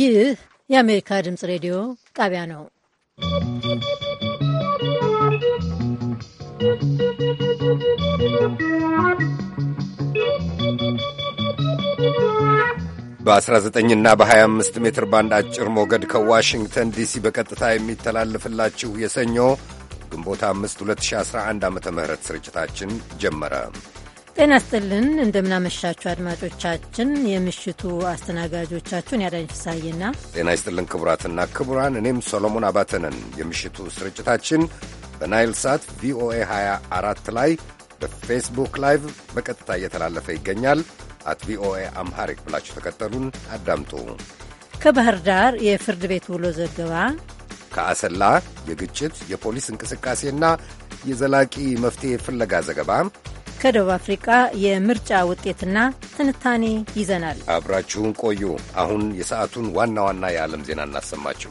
ይህ የአሜሪካ ድምፅ ሬዲዮ ጣቢያ ነው። በ19ና በ25 ሜትር ባንድ አጭር ሞገድ ከዋሽንግተን ዲሲ በቀጥታ የሚተላለፍላችሁ የሰኞ ግንቦት 5 2011 ዓ ም ስርጭታችን ጀመረ። ጤና ስጥልን እንደምናመሻችሁ አድማጮቻችን። የምሽቱ አስተናጋጆቻችሁን ያዳኝ ፍሳዬና ጤና ይስጥልን ክቡራትና ክቡራን፣ እኔም ሶሎሞን አባተነን። የምሽቱ ስርጭታችን በናይል ሳት ቪኦኤ 24 ላይ በፌስቡክ ላይቭ በቀጥታ እየተላለፈ ይገኛል። አት ቪኦኤ አምሃሪክ ብላችሁ ተከተሉን አዳምጡ። ከባህር ዳር የፍርድ ቤት ውሎ ዘገባ፣ ከአሰላ የግጭት የፖሊስ እንቅስቃሴና የዘላቂ መፍትሔ ፍለጋ ዘገባ ከደቡብ አፍሪቃ የምርጫ ውጤትና ትንታኔ ይዘናል። አብራችሁን ቆዩ። አሁን የሰዓቱን ዋና ዋና የዓለም ዜና እናሰማችሁ።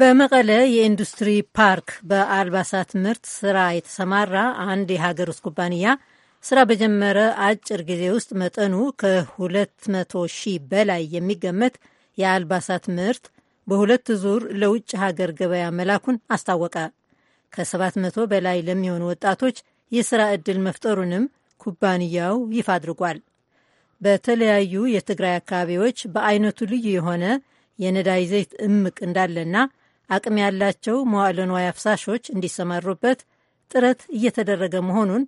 በመቀለ የኢንዱስትሪ ፓርክ በአልባሳት ምርት ስራ የተሰማራ አንድ የሀገር ውስጥ ኩባንያ ስራ በጀመረ አጭር ጊዜ ውስጥ መጠኑ ከ200 ሺህ በላይ የሚገመት የአልባሳት ምርት በሁለት ዙር ለውጭ ሀገር ገበያ መላኩን አስታወቀ። ከ700 በላይ ለሚሆኑ ወጣቶች የሥራ ዕድል መፍጠሩንም ኩባንያው ይፋ አድርጓል። በተለያዩ የትግራይ አካባቢዎች በአይነቱ ልዩ የሆነ የነዳይ ዘይት እምቅ እንዳለና አቅም ያላቸው መዋዕለ ንዋይ አፍሳሾች እንዲሰማሩበት ጥረት እየተደረገ መሆኑን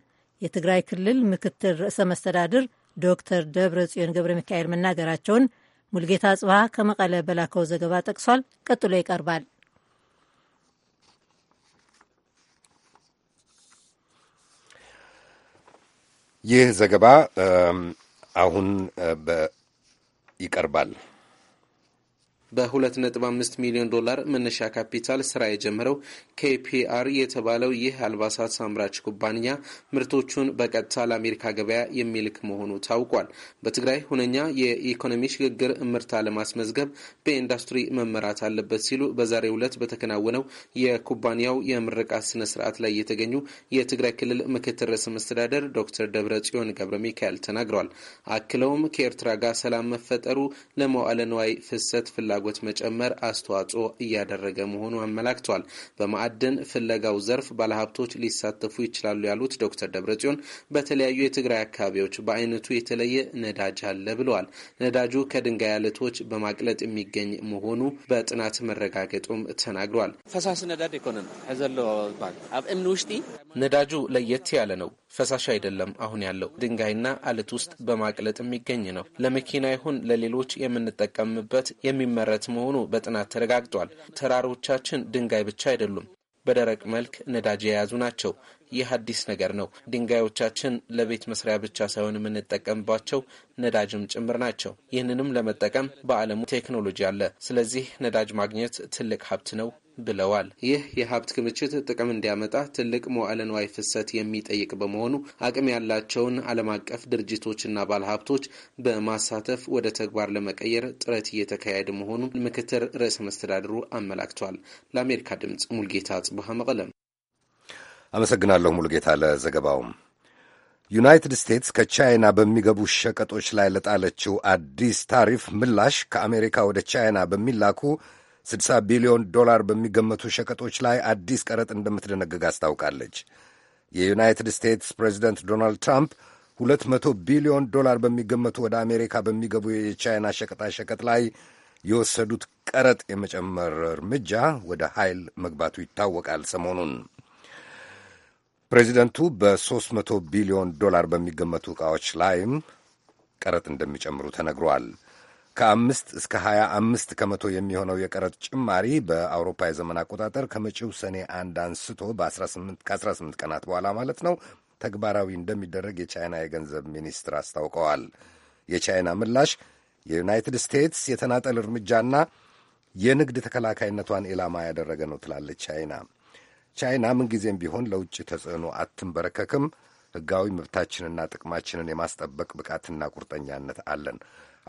የትግራይ ክልል ምክትል ርዕሰ መስተዳድር ዶክተር ደብረ ጽዮን ገብረ ሚካኤል መናገራቸውን ሙልጌታ ጽባህ ከመቀለ በላከው ዘገባ ጠቅሷል። ቀጥሎ ይቀርባል። ይህ ዘገባ አሁን ይቀርባል። በ2.5 ሚሊዮን ዶላር መነሻ ካፒታል ስራ የጀመረው ኬፒአር የተባለው ይህ አልባሳት አምራች ኩባንያ ምርቶቹን በቀጥታ ለአሜሪካ ገበያ የሚልክ መሆኑ ታውቋል። በትግራይ ሁነኛ የኢኮኖሚ ሽግግር እምርታ ለማስመዝገብ በኢንዱስትሪ መመራት አለበት ሲሉ በዛሬው ዕለት በተከናወነው የኩባንያው የምርቃት ስነ ስርዓት ላይ የተገኙ የትግራይ ክልል ምክትል ርዕሰ መስተዳደር ዶክተር ደብረ ጽዮን ገብረ ሚካኤል ተናግረዋል። አክለውም ከኤርትራ ጋር ሰላም መፈጠሩ ለመዋለ ንዋይ ፍሰት ፍላ ፍላጎት መጨመር አስተዋጽኦ እያደረገ መሆኑ አመላክቷል። በማዕድን ፍለጋው ዘርፍ ባለሀብቶች ሊሳተፉ ይችላሉ ያሉት ዶክተር ደብረጽዮን በተለያዩ የትግራይ አካባቢዎች በአይነቱ የተለየ ነዳጅ አለ ብለዋል። ነዳጁ ከድንጋይ አለቶች በማቅለጥ የሚገኝ መሆኑ በጥናት መረጋገጡም ተናግሯል። ፈሳሲ ነዳድ ይኮነን ኣብ እምኒ ውሽጢ ነዳጁ ለየት ያለ ነው። ፈሳሽ አይደለም። አሁን ያለው ድንጋይና አለት ውስጥ በማቅለጥ የሚገኝ ነው። ለመኪና ይሁን ለሌሎች የምንጠቀምበት የሚመ የሚመረት መሆኑ በጥናት ተረጋግጧል። ተራሮቻችን ድንጋይ ብቻ አይደሉም፣ በደረቅ መልክ ነዳጅ የያዙ ናቸው። ይህ አዲስ ነገር ነው። ድንጋዮቻችን ለቤት መስሪያ ብቻ ሳይሆን የምንጠቀምባቸው ነዳጅም ጭምር ናቸው። ይህንንም ለመጠቀም በዓለሙ ቴክኖሎጂ አለ። ስለዚህ ነዳጅ ማግኘት ትልቅ ሀብት ነው ብለዋል። ይህ የሀብት ክምችት ጥቅም እንዲያመጣ ትልቅ መዋዕለ ንዋይ ፍሰት የሚጠይቅ በመሆኑ አቅም ያላቸውን ዓለም አቀፍ ድርጅቶችና ባለሀብቶች በማሳተፍ ወደ ተግባር ለመቀየር ጥረት እየተካሄደ መሆኑን ምክትል ርዕሰ መስተዳድሩ አመላክቷል። ለአሜሪካ ድምጽ ሙልጌታ ጽቡሃ መቀለም አመሰግናለሁ ሙሉጌታ ለዘገባውም። ዩናይትድ ስቴትስ ከቻይና በሚገቡ ሸቀጦች ላይ ለጣለችው አዲስ ታሪፍ ምላሽ ከአሜሪካ ወደ ቻይና በሚላኩ 60 ቢሊዮን ዶላር በሚገመቱ ሸቀጦች ላይ አዲስ ቀረጥ እንደምትደነግግ አስታውቃለች። የዩናይትድ ስቴትስ ፕሬዚደንት ዶናልድ ትራምፕ 200 ቢሊዮን ዶላር በሚገመቱ ወደ አሜሪካ በሚገቡ የቻይና ሸቀጣሸቀጥ ላይ የወሰዱት ቀረጥ የመጨመር እርምጃ ወደ ኃይል መግባቱ ይታወቃል ሰሞኑን ፕሬዚደንቱ በ300 ቢሊዮን ዶላር በሚገመቱ ዕቃዎች ላይም ቀረጥ እንደሚጨምሩ ተነግሯል። ከአምስት እስከ 25 አምስት ከመቶ የሚሆነው የቀረጥ ጭማሪ በአውሮፓ የዘመን አቆጣጠር ከመጪው ሰኔ አንድ አንስቶ ከ18 ቀናት በኋላ ማለት ነው ተግባራዊ እንደሚደረግ የቻይና የገንዘብ ሚኒስትር አስታውቀዋል። የቻይና ምላሽ የዩናይትድ ስቴትስ የተናጠል እርምጃና የንግድ ተከላካይነቷን ኢላማ ያደረገ ነው ትላለች ቻይና። ቻይና ምንጊዜም ቢሆን ለውጭ ተጽዕኖ አትንበረከክም። ሕጋዊ መብታችንና ጥቅማችንን የማስጠበቅ ብቃትና ቁርጠኛነት አለን።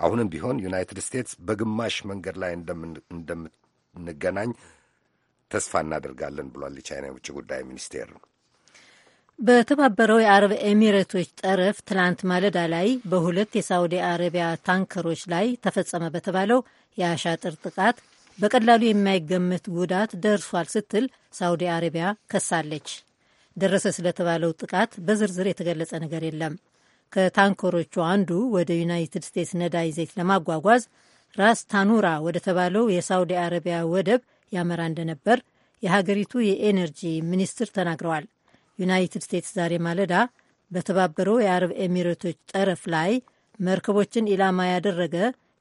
አሁንም ቢሆን ዩናይትድ ስቴትስ በግማሽ መንገድ ላይ እንደምንገናኝ ተስፋ እናደርጋለን ብሏል የቻይና የውጭ ጉዳይ ሚኒስቴር። በተባበረው የአረብ ኤሚሬቶች ጠረፍ ትላንት ማለዳ ላይ በሁለት የሳውዲ አረቢያ ታንከሮች ላይ ተፈጸመ በተባለው የአሻጥር ጥቃት በቀላሉ የማይገመት ጉዳት ደርሷል ስትል ሳውዲ አረቢያ ከሳለች። ደረሰ ስለተባለው ጥቃት በዝርዝር የተገለጸ ነገር የለም። ከታንከሮቹ አንዱ ወደ ዩናይትድ ስቴትስ ነዳጅ ዘይት ለማጓጓዝ ራስ ታኑራ ወደ ተባለው የሳውዲ አረቢያ ወደብ ያመራ እንደነበር የሀገሪቱ የኤነርጂ ሚኒስትር ተናግረዋል። ዩናይትድ ስቴትስ ዛሬ ማለዳ በተባበረው የአረብ ኤሚሬቶች ጠረፍ ላይ መርከቦችን ኢላማ ያደረገ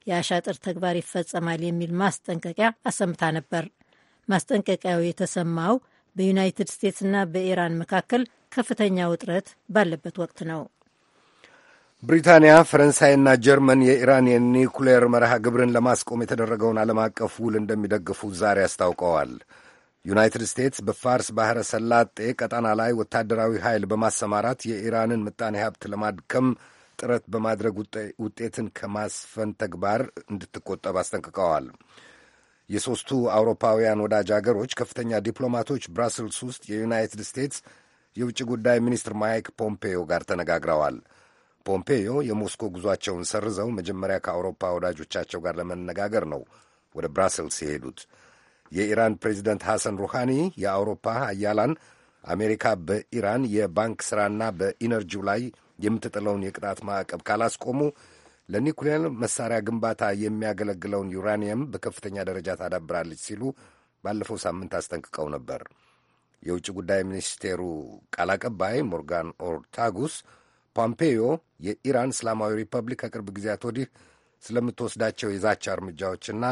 የአሻጥር ተግባር ይፈጸማል የሚል ማስጠንቀቂያ አሰምታ ነበር። ማስጠንቀቂያው የተሰማው በዩናይትድ ስቴትስና በኢራን መካከል ከፍተኛ ውጥረት ባለበት ወቅት ነው። ብሪታንያ፣ ፈረንሳይና ጀርመን የኢራን የኒውክሌር መርሃ ግብርን ለማስቆም የተደረገውን ዓለም አቀፍ ውል እንደሚደግፉ ዛሬ አስታውቀዋል። ዩናይትድ ስቴትስ በፋርስ ባሕረ ሰላጤ ቀጠና ላይ ወታደራዊ ኃይል በማሰማራት የኢራንን ምጣኔ ሀብት ለማድከም ጥረት በማድረግ ውጤትን ከማስፈን ተግባር እንድትቆጠብ አስጠንቅቀዋል። የሦስቱ አውሮፓውያን ወዳጅ አገሮች ከፍተኛ ዲፕሎማቶች ብራስልስ ውስጥ የዩናይትድ ስቴትስ የውጭ ጉዳይ ሚኒስትር ማይክ ፖምፔዮ ጋር ተነጋግረዋል። ፖምፔዮ የሞስኮ ጉዟቸውን ሰርዘው መጀመሪያ ከአውሮፓ ወዳጆቻቸው ጋር ለመነጋገር ነው ወደ ብራስልስ የሄዱት። የኢራን ፕሬዚደንት ሐሰን ሩሃኒ የአውሮፓ አያላን አሜሪካ በኢራን የባንክ ሥራና በኢነርጂው ላይ የምትጥለውን የቅጣት ማዕቀብ ካላስቆሙ ለኒኩሌር መሳሪያ ግንባታ የሚያገለግለውን ዩራኒየም በከፍተኛ ደረጃ ታዳብራለች ሲሉ ባለፈው ሳምንት አስጠንቅቀው ነበር። የውጭ ጉዳይ ሚኒስቴሩ ቃል አቀባይ ሞርጋን ኦርታጉስ ፖምፔዮ የኢራን እስላማዊ ሪፐብሊክ ከቅርብ ጊዜያት ወዲህ ስለምትወስዳቸው የዛቻ እርምጃዎችና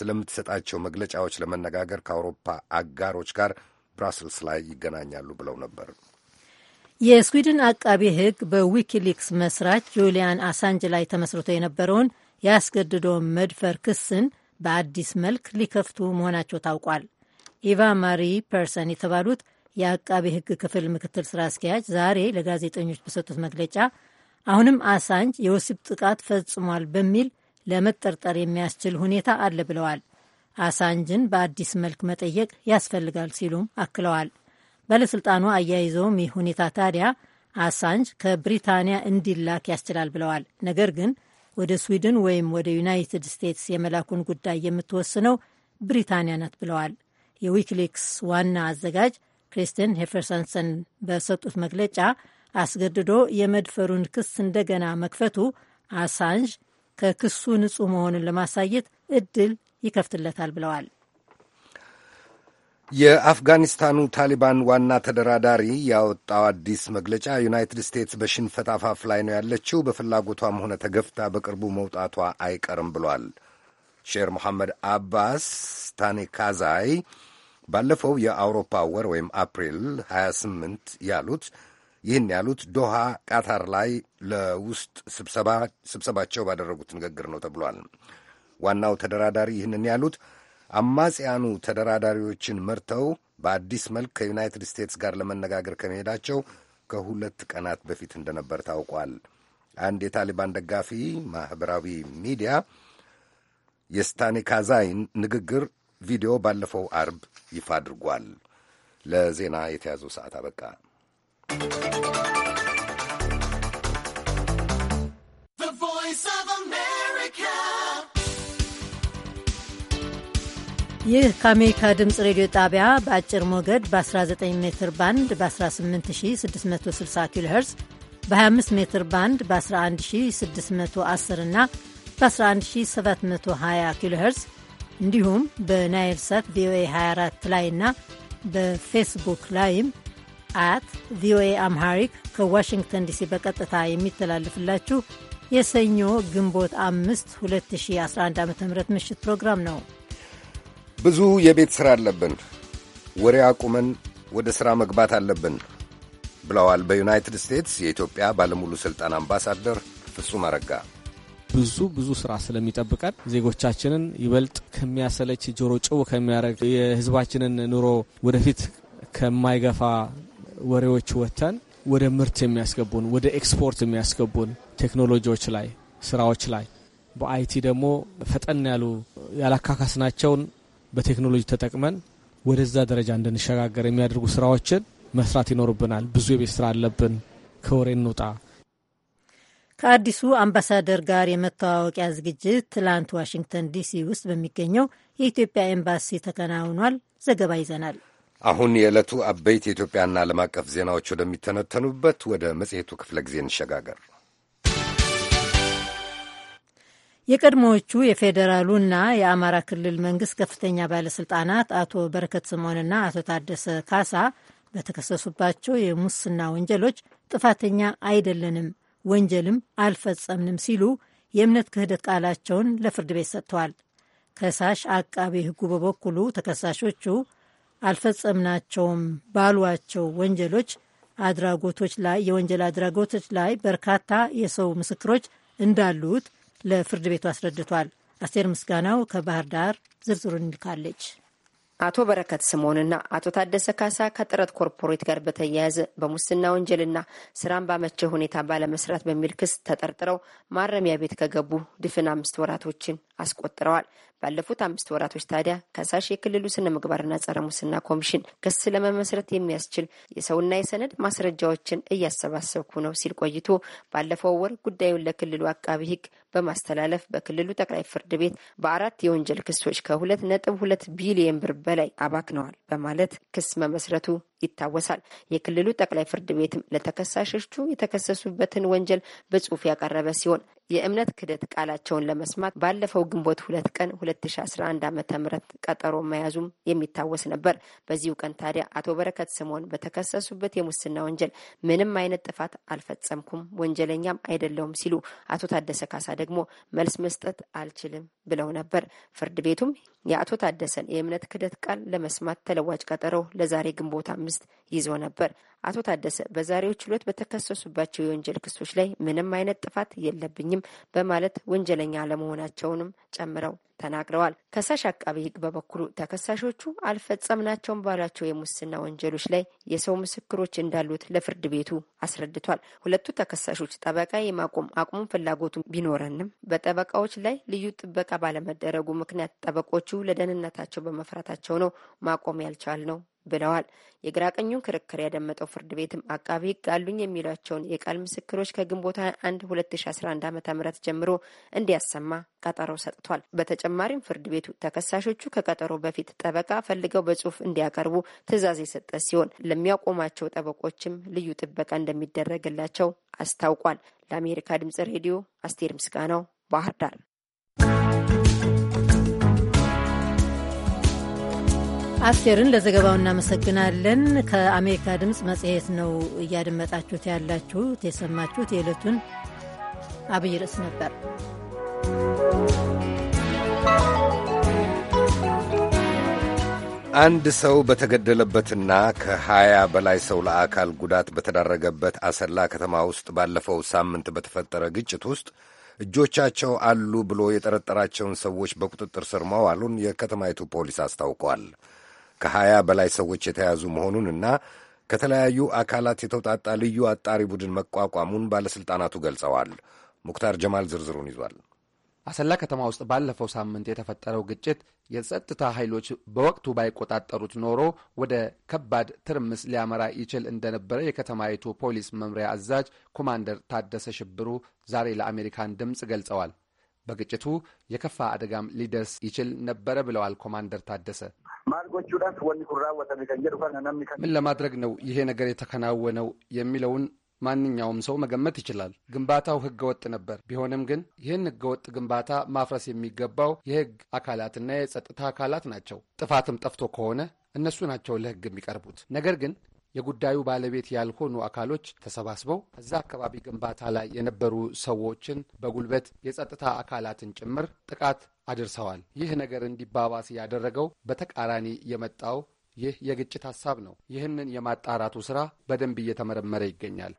ስለምትሰጣቸው መግለጫዎች ለመነጋገር ከአውሮፓ አጋሮች ጋር ብራስልስ ላይ ይገናኛሉ ብለው ነበር። የስዊድን አቃቢ ሕግ በዊኪሊክስ መስራች ጁሊያን አሳንጅ ላይ ተመስርቶ የነበረውን ያስገድዶ መድፈር ክስን በአዲስ መልክ ሊከፍቱ መሆናቸው ታውቋል። ኢቫ ማሪ ፐርሰን የተባሉት የአቃቢ ሕግ ክፍል ምክትል ስራ አስኪያጅ ዛሬ ለጋዜጠኞች በሰጡት መግለጫ አሁንም አሳንጅ የወሲብ ጥቃት ፈጽሟል በሚል ለመጠርጠር የሚያስችል ሁኔታ አለ ብለዋል። አሳንጅን በአዲስ መልክ መጠየቅ ያስፈልጋል ሲሉም አክለዋል። ባለሥልጣኑ አያይዘውም ይህ ሁኔታ ታዲያ አሳንጅ ከብሪታንያ እንዲላክ ያስችላል ብለዋል። ነገር ግን ወደ ስዊድን ወይም ወደ ዩናይትድ ስቴትስ የመላኩን ጉዳይ የምትወስነው ብሪታንያ ናት ብለዋል። የዊኪሊክስ ዋና አዘጋጅ ክሪስትን ሄፈርሰንሰን በሰጡት መግለጫ አስገድዶ የመድፈሩን ክስ እንደገና መክፈቱ አሳንጅ ከክሱ ንጹህ መሆኑን ለማሳየት እድል ይከፍትለታል ብለዋል። የአፍጋኒስታኑ ታሊባን ዋና ተደራዳሪ ያወጣው አዲስ መግለጫ ዩናይትድ ስቴትስ በሽንፈት አፋፍ ላይ ነው ያለችው፣ በፍላጎቷም ሆነ ተገፍታ በቅርቡ መውጣቷ አይቀርም ብሏል። ሼር መሐመድ አባስ ስታኔ ካዛይ ባለፈው የአውሮፓ ወር ወይም አፕሪል 28 ያሉት ይህን ያሉት ዶሃ ቃታር ላይ ለውስጥ ስብሰባቸው ባደረጉት ንግግር ነው ተብሏል። ዋናው ተደራዳሪ ይህንን ያሉት አማጽያኑ ተደራዳሪዎችን መርተው በአዲስ መልክ ከዩናይትድ ስቴትስ ጋር ለመነጋገር ከመሄዳቸው ከሁለት ቀናት በፊት እንደነበር ታውቋል። አንድ የታሊባን ደጋፊ ማኅበራዊ ሚዲያ የስታኒካዛይ ንግግር ቪዲዮ ባለፈው አርብ ይፋ አድርጓል። ለዜና የተያዘው ሰዓት አበቃ። ይህ ከአሜሪካ ድምፅ ሬዲዮ ጣቢያ በአጭር ሞገድ በ19 ሜትር ባንድ በ18660 ኪሎ ሄርዝ በ25 ሜትር ባንድ በ11610 እና በ11720 ኪሎ ሄርዝ እንዲሁም በናይል ሳት ቪኦኤ 24 ላይ እና በፌስቡክ ላይም አት ቪኦኤ አምሃሪክ ከዋሽንግተን ዲሲ በቀጥታ የሚተላለፍላችሁ የሰኞ ግንቦት 5 2011 ዓ ም ምሽት ፕሮግራም ነው። ብዙ የቤት ሥራ አለብን፣ ወሬ አቁመን ወደ ሥራ መግባት አለብን ብለዋል በዩናይትድ ስቴትስ የኢትዮጵያ ባለሙሉ ሥልጣን አምባሳደር ፍጹም አረጋ። ብዙ ብዙ ስራ ስለሚጠብቀን ዜጎቻችንን ይበልጥ ከሚያሰለች ጆሮ ጭው ከሚያደርግ የህዝባችንን ኑሮ ወደፊት ከማይገፋ ወሬዎች ወጥተን ወደ ምርት የሚያስገቡን ወደ ኤክስፖርት የሚያስገቡን ቴክኖሎጂዎች ላይ ስራዎች ላይ በአይቲ ደግሞ ፈጠን ያሉ ያላካካስናቸውን በቴክኖሎጂ ተጠቅመን ወደዛ ደረጃ እንድንሸጋገር የሚያደርጉ ስራዎችን መስራት ይኖርብናል። ብዙ የቤት ስራ አለብን። ከወሬ እንውጣ። ከአዲሱ አምባሳደር ጋር የመተዋወቂያ ዝግጅት ትላንት ዋሽንግተን ዲሲ ውስጥ በሚገኘው የኢትዮጵያ ኤምባሲ ተከናውኗል። ዘገባ ይዘናል። አሁን የዕለቱ አበይት የኢትዮጵያና ዓለም አቀፍ ዜናዎች ወደሚተነተኑበት ወደ መጽሔቱ ክፍለ ጊዜ እንሸጋገር። የቀድሞዎቹ የፌዴራሉና የአማራ ክልል መንግስት ከፍተኛ ባለስልጣናት አቶ በረከት ስምዖንና አቶ ታደሰ ካሳ በተከሰሱባቸው የሙስና ወንጀሎች ጥፋተኛ አይደለንም፣ ወንጀልም አልፈጸምንም ሲሉ የእምነት ክህደት ቃላቸውን ለፍርድ ቤት ሰጥተዋል። ከሳሽ አቃቤ ሕጉ በበኩሉ ተከሳሾቹ አልፈጸምናቸውም ባሏቸው ወንጀሎች አድራጎቶች ላይ የወንጀል አድራጎቶች ላይ በርካታ የሰው ምስክሮች እንዳሉት ለፍርድ ቤቱ አስረድቷል። አስቴር ምስጋናው ከባህር ዳር ዝርዝሩን ልካለች። አቶ በረከት ስምኦንና አቶ ታደሰ ካሳ ከጥረት ኮርፖሬት ጋር በተያያዘ በሙስና ወንጀልና ስራን ባመቸ ሁኔታ ባለመስራት በሚል ክስ ተጠርጥረው ማረሚያ ቤት ከገቡ ድፍን አምስት ወራቶችን አስቆጥረዋል። ባለፉት አምስት ወራቶች ታዲያ ከሳሽ የክልሉ ስነ ምግባርና ጸረ ሙስና ኮሚሽን ክስ ለመመስረት የሚያስችል የሰውና የሰነድ ማስረጃዎችን እያሰባሰብኩ ነው ሲል ቆይቶ ባለፈው ወር ጉዳዩን ለክልሉ አቃቢ ህግ በማስተላለፍ በክልሉ ጠቅላይ ፍርድ ቤት በአራት የወንጀል ክሶች ከሁለት ነጥብ ሁለት ቢሊየን ብር በላይ አባክነዋል በማለት ክስ መመስረቱ ይታወሳል። የክልሉ ጠቅላይ ፍርድ ቤትም ለተከሳሾቹ የተከሰሱበትን ወንጀል በጽሁፍ ያቀረበ ሲሆን የእምነት ክደት ቃላቸውን ለመስማት ባለፈው ግንቦት ሁለት ቀን 2011 ዓ ም ቀጠሮ መያዙም የሚታወስ ነበር። በዚሁ ቀን ታዲያ አቶ በረከት ስምኦን በተከሰሱበት የሙስና ወንጀል ምንም አይነት ጥፋት አልፈጸምኩም፣ ወንጀለኛም አይደለውም ሲሉ አቶ ታደሰ ካሳ ደግሞ መልስ መስጠት አልችልም ብለው ነበር። ፍርድ ቤቱም የአቶ ታደሰን የእምነት ክደት ቃል ለመስማት ተለዋጭ ቀጠሮ ለዛሬ ግንቦት አምስት ይዞ ነበር። አቶ ታደሰ በዛሬው ችሎት በተከሰሱባቸው የወንጀል ክሶች ላይ ምንም አይነት ጥፋት የለብኝም በማለት ወንጀለኛ አለመሆናቸውንም ጨምረው ተናግረዋል። ከሳሽ አቃቢ ሕግ በበኩሉ ተከሳሾቹ አልፈጸምናቸውም ባሏቸው የሙስና ወንጀሎች ላይ የሰው ምስክሮች እንዳሉት ለፍርድ ቤቱ አስረድቷል። ሁለቱ ተከሳሾች ጠበቃ የማቆም አቁሙን ፍላጎቱ ቢኖረንም በጠበቃዎች ላይ ልዩ ጥበቃ ባለመደረጉ ምክንያት ጠበቆቹ ለደህንነታቸው በመፍራታቸው ነው ማቆም ያልቻል ነው ብለዋል። የግራ ቀኙን ክርክር ያደመጠው ፍርድ ቤትም አቃቢ ሕግ አሉኝ የሚሏቸውን የቃል ምስክሮች ከግንቦት 21 2011 ዓ ም ጀምሮ እንዲያሰማ ቀጠሮ ሰጥቷል። በተጨማሪም ፍርድ ቤቱ ተከሳሾቹ ከቀጠሮ በፊት ጠበቃ ፈልገው በጽሁፍ እንዲያቀርቡ ትዕዛዝ የሰጠ ሲሆን ለሚያቆማቸው ጠበቆችም ልዩ ጥበቃ እንደሚደረግላቸው አስታውቋል። ለአሜሪካ ድምጽ ሬዲዮ አስቴር ምስጋናው ባህር ዳር። አስቴርን ለዘገባው እናመሰግናለን። ከአሜሪካ ድምፅ መጽሔት ነው እያደመጣችሁት ያላችሁት። የሰማችሁት የዕለቱን አብይ ርዕስ ነበር። አንድ ሰው በተገደለበትና ከሀያ በላይ ሰው ለአካል ጉዳት በተዳረገበት አሰላ ከተማ ውስጥ ባለፈው ሳምንት በተፈጠረ ግጭት ውስጥ እጆቻቸው አሉ ብሎ የጠረጠራቸውን ሰዎች በቁጥጥር ስር መዋሉን የከተማይቱ ፖሊስ አስታውቋል። ከሀያ በላይ ሰዎች የተያዙ እና ከተለያዩ አካላት የተውጣጣ ልዩ አጣሪ ቡድን መቋቋሙን ባለሥልጣናቱ ገልጸዋል። ሙክታር ጀማል ዝርዝሩን ይዟል። አሰላ ከተማ ውስጥ ባለፈው ሳምንት የተፈጠረው ግጭት የጸጥታ ኃይሎች በወቅቱ ባይቆጣጠሩት ኖሮ ወደ ከባድ ትርምስ ሊያመራ ይችል እንደነበረ የከተማይቱ ፖሊስ መምሪያ አዛዥ ኮማንደር ታደሰ ሽብሩ ዛሬ ለአሜሪካን ድምፅ ገልጸዋል። በግጭቱ የከፋ አደጋም ሊደርስ ይችል ነበረ ብለዋል ኮማንደር ታደሰ። ምን ለማድረግ ነው ይሄ ነገር የተከናወነው የሚለውን ማንኛውም ሰው መገመት ይችላል። ግንባታው ህገወጥ ነበር። ቢሆንም ግን ይህን ህገወጥ ግንባታ ማፍረስ የሚገባው የህግ አካላትና የጸጥታ አካላት ናቸው። ጥፋትም ጠፍቶ ከሆነ እነሱ ናቸው ለህግ የሚቀርቡት። ነገር ግን የጉዳዩ ባለቤት ያልሆኑ አካሎች ተሰባስበው እዛ አካባቢ ግንባታ ላይ የነበሩ ሰዎችን በጉልበት የጸጥታ አካላትን ጭምር ጥቃት አድርሰዋል። ይህ ነገር እንዲባባስ ያደረገው በተቃራኒ የመጣው ይህ የግጭት ሀሳብ ነው። ይህንን የማጣራቱ ስራ በደንብ እየተመረመረ ይገኛል።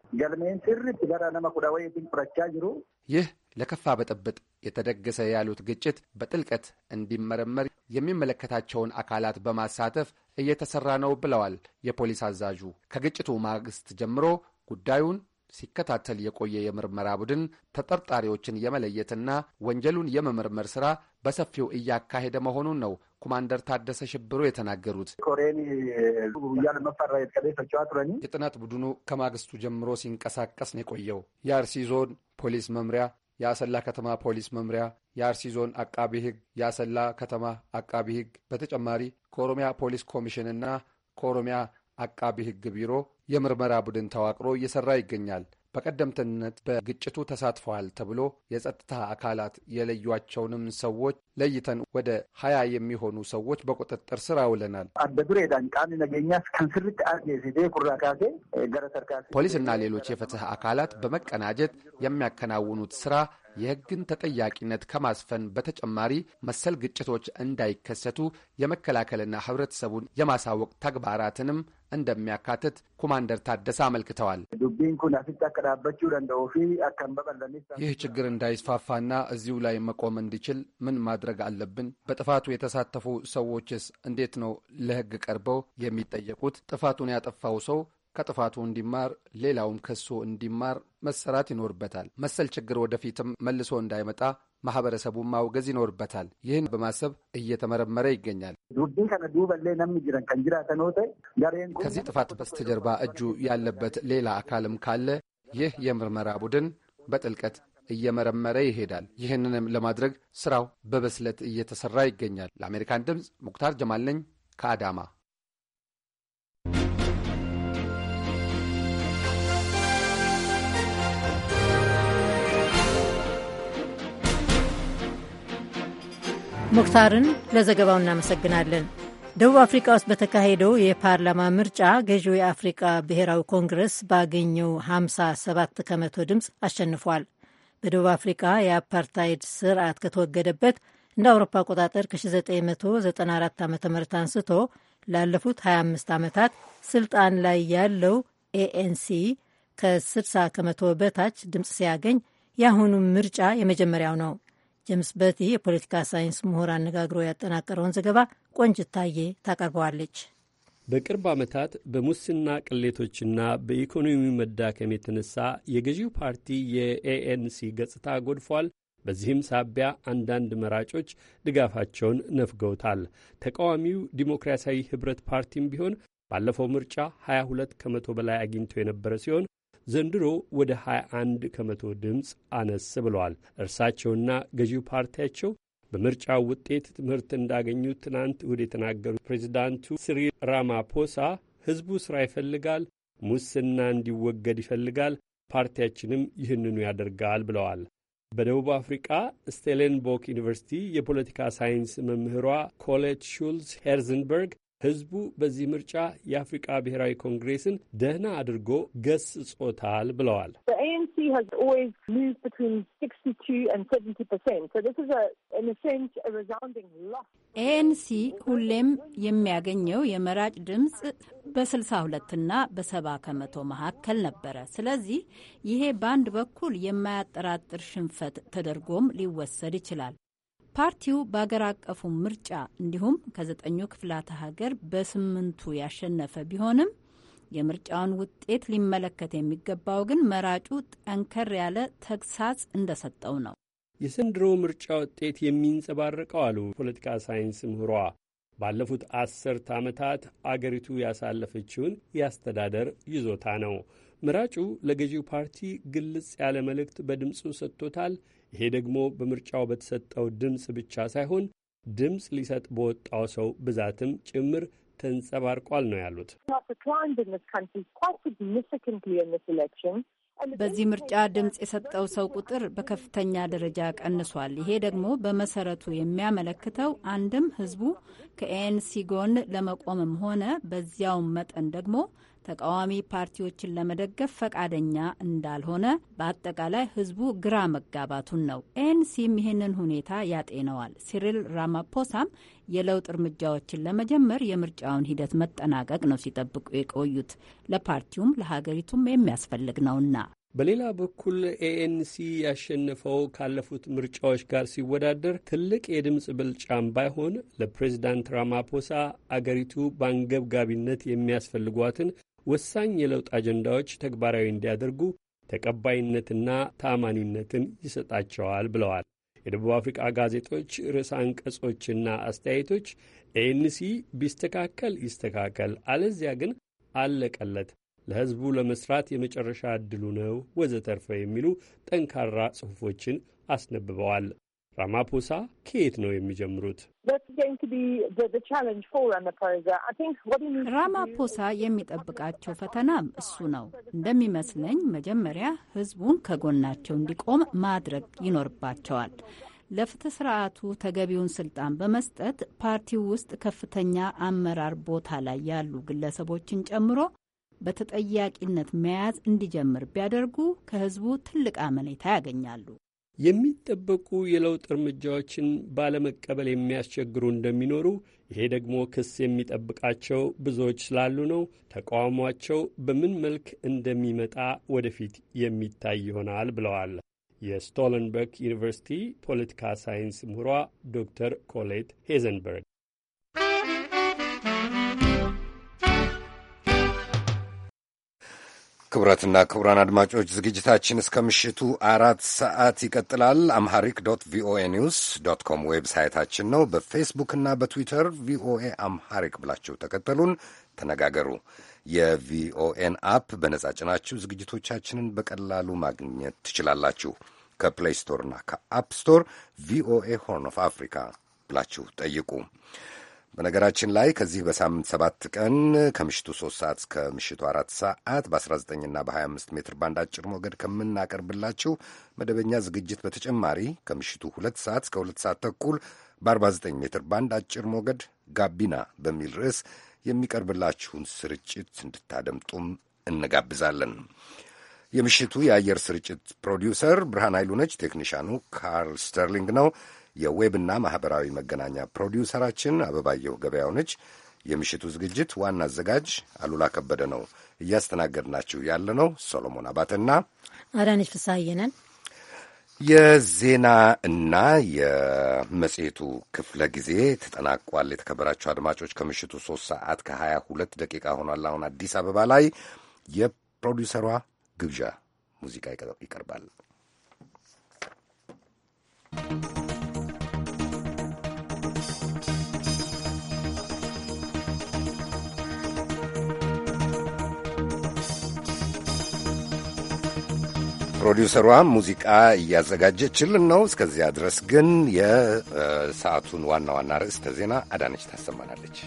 ይህ ለከፋ ብጥብጥ የተደገሰ ያሉት ግጭት በጥልቀት እንዲመረመር የሚመለከታቸውን አካላት በማሳተፍ እየተሰራ ነው ብለዋል የፖሊስ አዛዡ። ከግጭቱ ማግስት ጀምሮ ጉዳዩን ሲከታተል የቆየ የምርመራ ቡድን ተጠርጣሪዎችን የመለየትና ወንጀሉን የመመርመር ስራ በሰፊው እያካሄደ መሆኑን ነው ኮማንደር ታደሰ ሽብሮ የተናገሩት። የጥናት ቡድኑ ከማግስቱ ጀምሮ ሲንቀሳቀስ ነው የቆየው። የአርሲ ዞን ፖሊስ መምሪያ፣ የአሰላ ከተማ ፖሊስ መምሪያ፣ የአርሲ ዞን አቃቢ ህግ የአሰላ ከተማ አቃቢ ህግ በተጨማሪ ከኦሮሚያ ፖሊስ ኮሚሽንና ከኦሮሚያ አቃቢ ህግ ቢሮ የምርመራ ቡድን ተዋቅሮ እየሰራ ይገኛል። በቀደምትነት በግጭቱ ተሳትፈዋል ተብሎ የጸጥታ አካላት የለዩቸውንም ሰዎች ለይተን ወደ ሀያ የሚሆኑ ሰዎች በቁጥጥር ስር አውለናል። ፖሊስና ሌሎች የፍትህ አካላት በመቀናጀት የሚያከናውኑት ስራ የህግን ተጠያቂነት ከማስፈን በተጨማሪ መሰል ግጭቶች እንዳይከሰቱ የመከላከልና ህብረተሰቡን የማሳወቅ ተግባራትንም እንደሚያካትት ኮማንደር ታደሰ አመልክተዋል። ይህ ችግር እንዳይስፋፋና እዚሁ ላይ መቆም እንዲችል ምን ማድረግ አለብን? በጥፋቱ የተሳተፉ ሰዎችስ እንዴት ነው ለሕግ ቀርበው የሚጠየቁት? ጥፋቱን ያጠፋው ሰው ከጥፋቱ እንዲማር ሌላውም ከሱ እንዲማር መሰራት ይኖርበታል። መሰል ችግር ወደፊትም መልሶ እንዳይመጣ ማህበረሰቡን ማውገዝ ይኖርበታል። ይህን በማሰብ እየተመረመረ ይገኛል። ከዚህ ጥፋት በስተጀርባ እጁ ያለበት ሌላ አካልም ካለ ይህ የምርመራ ቡድን በጥልቀት እየመረመረ ይሄዳል። ይህንንም ለማድረግ ስራው በበስለት እየተሰራ ይገኛል። ለአሜሪካን ድምፅ ሙክታር ጀማል ነኝ ከአዳማ ሙክታርን ለዘገባው እናመሰግናለን። ደቡብ አፍሪካ ውስጥ በተካሄደው የፓርላማ ምርጫ ገዢው የአፍሪካ ብሔራዊ ኮንግረስ ባገኘው 57 ከመቶ ድምፅ አሸንፏል። በደቡብ አፍሪካ የአፓርታይድ ስርዓት ከተወገደበት እንደ አውሮፓ አቆጣጠር ከ1994 ዓ ም አንስቶ ላለፉት 25 ዓመታት ስልጣን ላይ ያለው ኤኤንሲ ከ60 ከመቶ በታች ድምፅ ሲያገኝ የአሁኑ ምርጫ የመጀመሪያው ነው። ጀምስ በቲ የፖለቲካ ሳይንስ ምሁር አነጋግሮ ያጠናቀረውን ዘገባ ቆንጅታዬ ታቀርበዋለች። በቅርብ ዓመታት በሙስና ቅሌቶችና በኢኮኖሚ መዳከም የተነሳ የገዢው ፓርቲ የኤኤንሲ ገጽታ ጎድፏል። በዚህም ሳቢያ አንዳንድ መራጮች ድጋፋቸውን ነፍገውታል። ተቃዋሚው ዲሞክራሲያዊ ኅብረት ፓርቲም ቢሆን ባለፈው ምርጫ 22 ከመቶ በላይ አግኝቶ የነበረ ሲሆን ዘንድሮ ወደ 21 ከመቶ ድምፅ አነስ ብለዋል። እርሳቸውና ገዢው ፓርቲያቸው በምርጫው ውጤት ትምህርት እንዳገኙ ትናንት እሁድ የተናገሩት ፕሬዚዳንቱ ሲሪል ራማፖሳ ሕዝቡ ሥራ ይፈልጋል፣ ሙስና እንዲወገድ ይፈልጋል፣ ፓርቲያችንም ይህንኑ ያደርጋል ብለዋል። በደቡብ አፍሪቃ ስቴሌንቦክ ዩኒቨርሲቲ የፖለቲካ ሳይንስ መምህሯ ኮሌት ሹልዝ ሄርዝንበርግ ሕዝቡ በዚህ ምርጫ የአፍሪቃ ብሔራዊ ኮንግሬስን ደህና አድርጎ ገስጾታል ብለዋል። ኤኤንሲ ሁሌም የሚያገኘው የመራጭ ድምፅ በ62 ና በ ከመቶ መካከል ነበረ። ስለዚህ ይሄ በአንድ በኩል የማያጠራጥር ሽንፈት ተደርጎም ሊወሰድ ይችላል። ፓርቲው በአገር አቀፉ ምርጫ እንዲሁም ከዘጠኙ ክፍላተ ሀገር በስምንቱ ያሸነፈ ቢሆንም የምርጫውን ውጤት ሊመለከት የሚገባው ግን መራጩ ጠንከር ያለ ተግሳጽ እንደሰጠው ነው። የዘንድሮ ምርጫ ውጤት የሚንጸባረቀው አሉ ፖለቲካ ሳይንስ ምሁሯ ባለፉት አስርት ዓመታት አገሪቱ ያሳለፈችውን የአስተዳደር ይዞታ ነው። መራጩ ለገዢው ፓርቲ ግልጽ ያለ መልእክት በድምፁ ሰጥቶታል። ይሄ ደግሞ በምርጫው በተሰጠው ድምፅ ብቻ ሳይሆን ድምፅ ሊሰጥ በወጣው ሰው ብዛትም ጭምር ተንጸባርቋል ነው ያሉት። በዚህ ምርጫ ድምፅ የሰጠው ሰው ቁጥር በከፍተኛ ደረጃ ቀንሷል። ይሄ ደግሞ በመሰረቱ የሚያመለክተው አንድም ህዝቡ ከኤንሲ ጎን ለመቆምም ሆነ በዚያውም መጠን ደግሞ ተቃዋሚ ፓርቲዎችን ለመደገፍ ፈቃደኛ እንዳልሆነ፣ በአጠቃላይ ህዝቡ ግራ መጋባቱን ነው። ኤንሲም ይህንን ሁኔታ ያጤነዋል። ሲሪል ራማፖሳም የለውጥ እርምጃዎችን ለመጀመር የምርጫውን ሂደት መጠናቀቅ ነው ሲጠብቁ የቆዩት ለፓርቲውም ለሀገሪቱም የሚያስፈልግ ነውና። በሌላ በኩል ኤኤንሲ ያሸነፈው ካለፉት ምርጫዎች ጋር ሲወዳደር ትልቅ የድምፅ ብልጫም ባይሆን ለፕሬዚዳንት ራማፖሳ አገሪቱ በአንገብጋቢነት የሚያስፈልጓትን ወሳኝ የለውጥ አጀንዳዎች ተግባራዊ እንዲያደርጉ ተቀባይነትና ታማኒነትን ይሰጣቸዋል ብለዋል። የደቡብ አፍሪቃ ጋዜጦች ርዕሰ አንቀጾችና አስተያየቶች ኤንሲ ቢስተካከል ይስተካከል፣ አለዚያ ግን አለቀለት፣ ለሕዝቡ ለመስራት የመጨረሻ ዕድሉ ነው፣ ወዘተርፈ የሚሉ ጠንካራ ጽሑፎችን አስነብበዋል። ራማፖሳ ከየት ነው የሚጀምሩት? ራማፖሳ የሚጠብቃቸው ፈተናም እሱ ነው እንደሚመስለኝ። መጀመሪያ ህዝቡን ከጎናቸው እንዲቆም ማድረግ ይኖርባቸዋል። ለፍትህ ስርዓቱ ተገቢውን ስልጣን በመስጠት ፓርቲው ውስጥ ከፍተኛ አመራር ቦታ ላይ ያሉ ግለሰቦችን ጨምሮ በተጠያቂነት መያዝ እንዲጀምር ቢያደርጉ ከህዝቡ ትልቅ አመኔታ ያገኛሉ። የሚጠበቁ የለውጥ እርምጃዎችን ባለመቀበል የሚያስቸግሩ እንደሚኖሩ፣ ይሄ ደግሞ ክስ የሚጠብቃቸው ብዙዎች ስላሉ ነው። ተቃውሟቸው በምን መልክ እንደሚመጣ ወደፊት የሚታይ ይሆናል ብለዋል። የስቶለንበርግ ዩኒቨርሲቲ ፖለቲካ ሳይንስ ምሁሯ ዶክተር ኮሌት ሄዘንበርግ ክቡራትና ክቡራን አድማጮች ዝግጅታችን እስከ ምሽቱ አራት ሰዓት ይቀጥላል። አምሃሪክ ዶት ቪኦኤ ኒውስ ዶት ኮም ዌብሳይታችን ነው። በፌስቡክና በትዊተር ቪኦኤ አምሃሪክ ብላችሁ ተከተሉን፣ ተነጋገሩ። የቪኦኤን አፕ በነጻ ጭናችሁ ዝግጅቶቻችንን በቀላሉ ማግኘት ትችላላችሁ። ከፕሌይ ስቶርና ከአፕ ስቶር ቪኦኤ ሆርን ኦፍ አፍሪካ ብላችሁ ጠይቁ። በነገራችን ላይ ከዚህ በሳምንት ሰባት ቀን ከምሽቱ ሶስት ሰዓት እስከ ምሽቱ አራት ሰዓት በ19ና በ25 ሜትር ባንድ አጭር ሞገድ ከምናቀርብላችሁ መደበኛ ዝግጅት በተጨማሪ ከምሽቱ ሁለት ሰዓት እስከ ሁለት ሰዓት ተኩል በ49 ሜትር ባንድ አጭር ሞገድ ጋቢና በሚል ርዕስ የሚቀርብላችሁን ስርጭት እንድታደምጡም እንጋብዛለን። የምሽቱ የአየር ስርጭት ፕሮዲውሰር ብርሃን ኃይሉ ነች። ቴክኒሻኑ ካርል ስተርሊንግ ነው። የዌብና ማኅበራዊ መገናኛ ፕሮዲውሰራችን አበባየሁ ገበያው ነች። የምሽቱ ዝግጅት ዋና አዘጋጅ አሉላ ከበደ ነው። እያስተናገድናችሁ ያለ ነው ሶሎሞን አባተና አዳነች ፍስሐየነን። የዜና እና የመጽሔቱ ክፍለ ጊዜ ተጠናቋል። የተከበራችሁ አድማጮች ከምሽቱ ሶስት ሰዓት ከሀያ ሁለት ደቂቃ ሆኗል። አሁን አዲስ አበባ ላይ የፕሮዲውሰሯ ግብዣ ሙዚቃ ይቀርባል። ፕሮዲውሰሯ ሙዚቃ እያዘጋጀችልን ነው። እስከዚያ ድረስ ግን የሰዓቱን ዋና ዋና ርዕስተ ዜና አዳነች ታሰማናለች።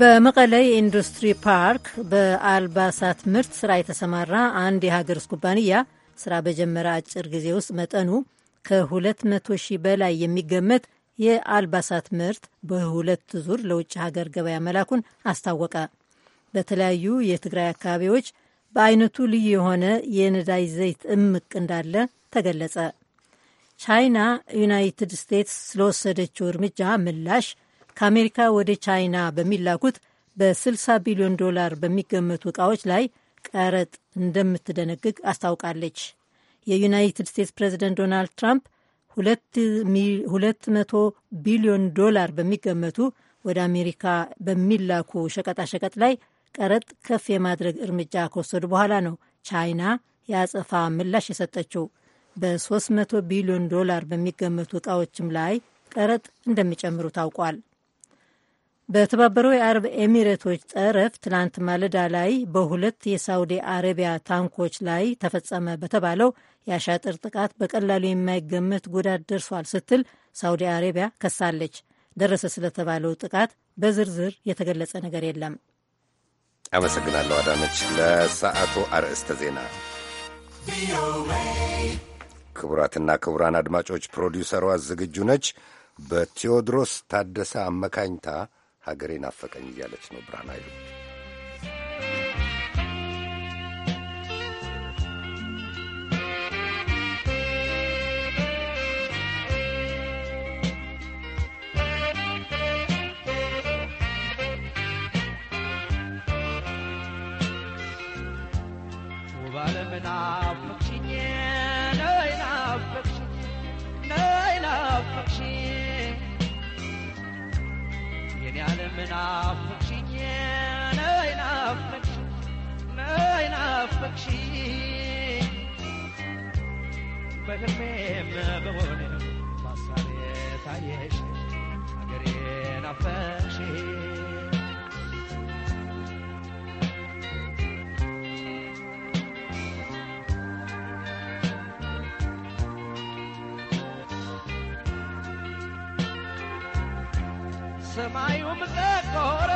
በመቀለ የኢንዱስትሪ ፓርክ በአልባሳት ምርት ስራ የተሰማራ አንድ የሀገር ውስጥ ኩባንያ ስራ በጀመረ አጭር ጊዜ ውስጥ መጠኑ ከ200 ሺህ በላይ የሚገመት የአልባሳት ምርት በሁለት ዙር ለውጭ ሀገር ገበያ መላኩን አስታወቀ። በተለያዩ የትግራይ አካባቢዎች በአይነቱ ልዩ የሆነ የነዳጅ ዘይት እምቅ እንዳለ ተገለጸ። ቻይና ዩናይትድ ስቴትስ ስለወሰደችው እርምጃ ምላሽ ከአሜሪካ ወደ ቻይና በሚላኩት በ60 ቢሊዮን ዶላር በሚገመቱ ዕቃዎች ላይ ቀረጥ እንደምትደነግግ አስታውቃለች። የዩናይትድ ስቴትስ ፕሬዚደንት ዶናልድ ትራምፕ 200 ቢሊዮን ዶላር በሚገመቱ ወደ አሜሪካ በሚላኩ ሸቀጣሸቀጥ ላይ ቀረጥ ከፍ የማድረግ እርምጃ ከወሰዱ በኋላ ነው ቻይና የአጸፋ ምላሽ የሰጠችው። በ300 ቢሊዮን ዶላር በሚገመቱ ዕቃዎችም ላይ ቀረጥ እንደሚጨምሩ ታውቋል። በተባበረው የአረብ ኤሚሬቶች ጠረፍ ትናንት ማለዳ ላይ በሁለት የሳውዲ አረቢያ ታንኮች ላይ ተፈጸመ በተባለው የአሻጥር ጥቃት በቀላሉ የማይገመት ጉዳት ደርሷል ስትል ሳውዲ አረቢያ ከሳለች። ደረሰ ስለተባለው ጥቃት በዝርዝር የተገለጸ ነገር የለም። አመሰግናለሁ አዳነች። ለሰዓቱ አርዕስተ ዜና ክቡራትና ክቡራን አድማጮች ፕሮዲውሰሯ ዝግጁ ነች። በቴዎድሮስ ታደሰ አመካኝታ ሀገሬ ናፈቀኝ እያለች ነው ብርሃን ኃይሉ። شيء በህልሜም በሆነ በሀሳቤ ታየሽ ሀገሬን አፈቅሽ ሰማዩም ጸቆር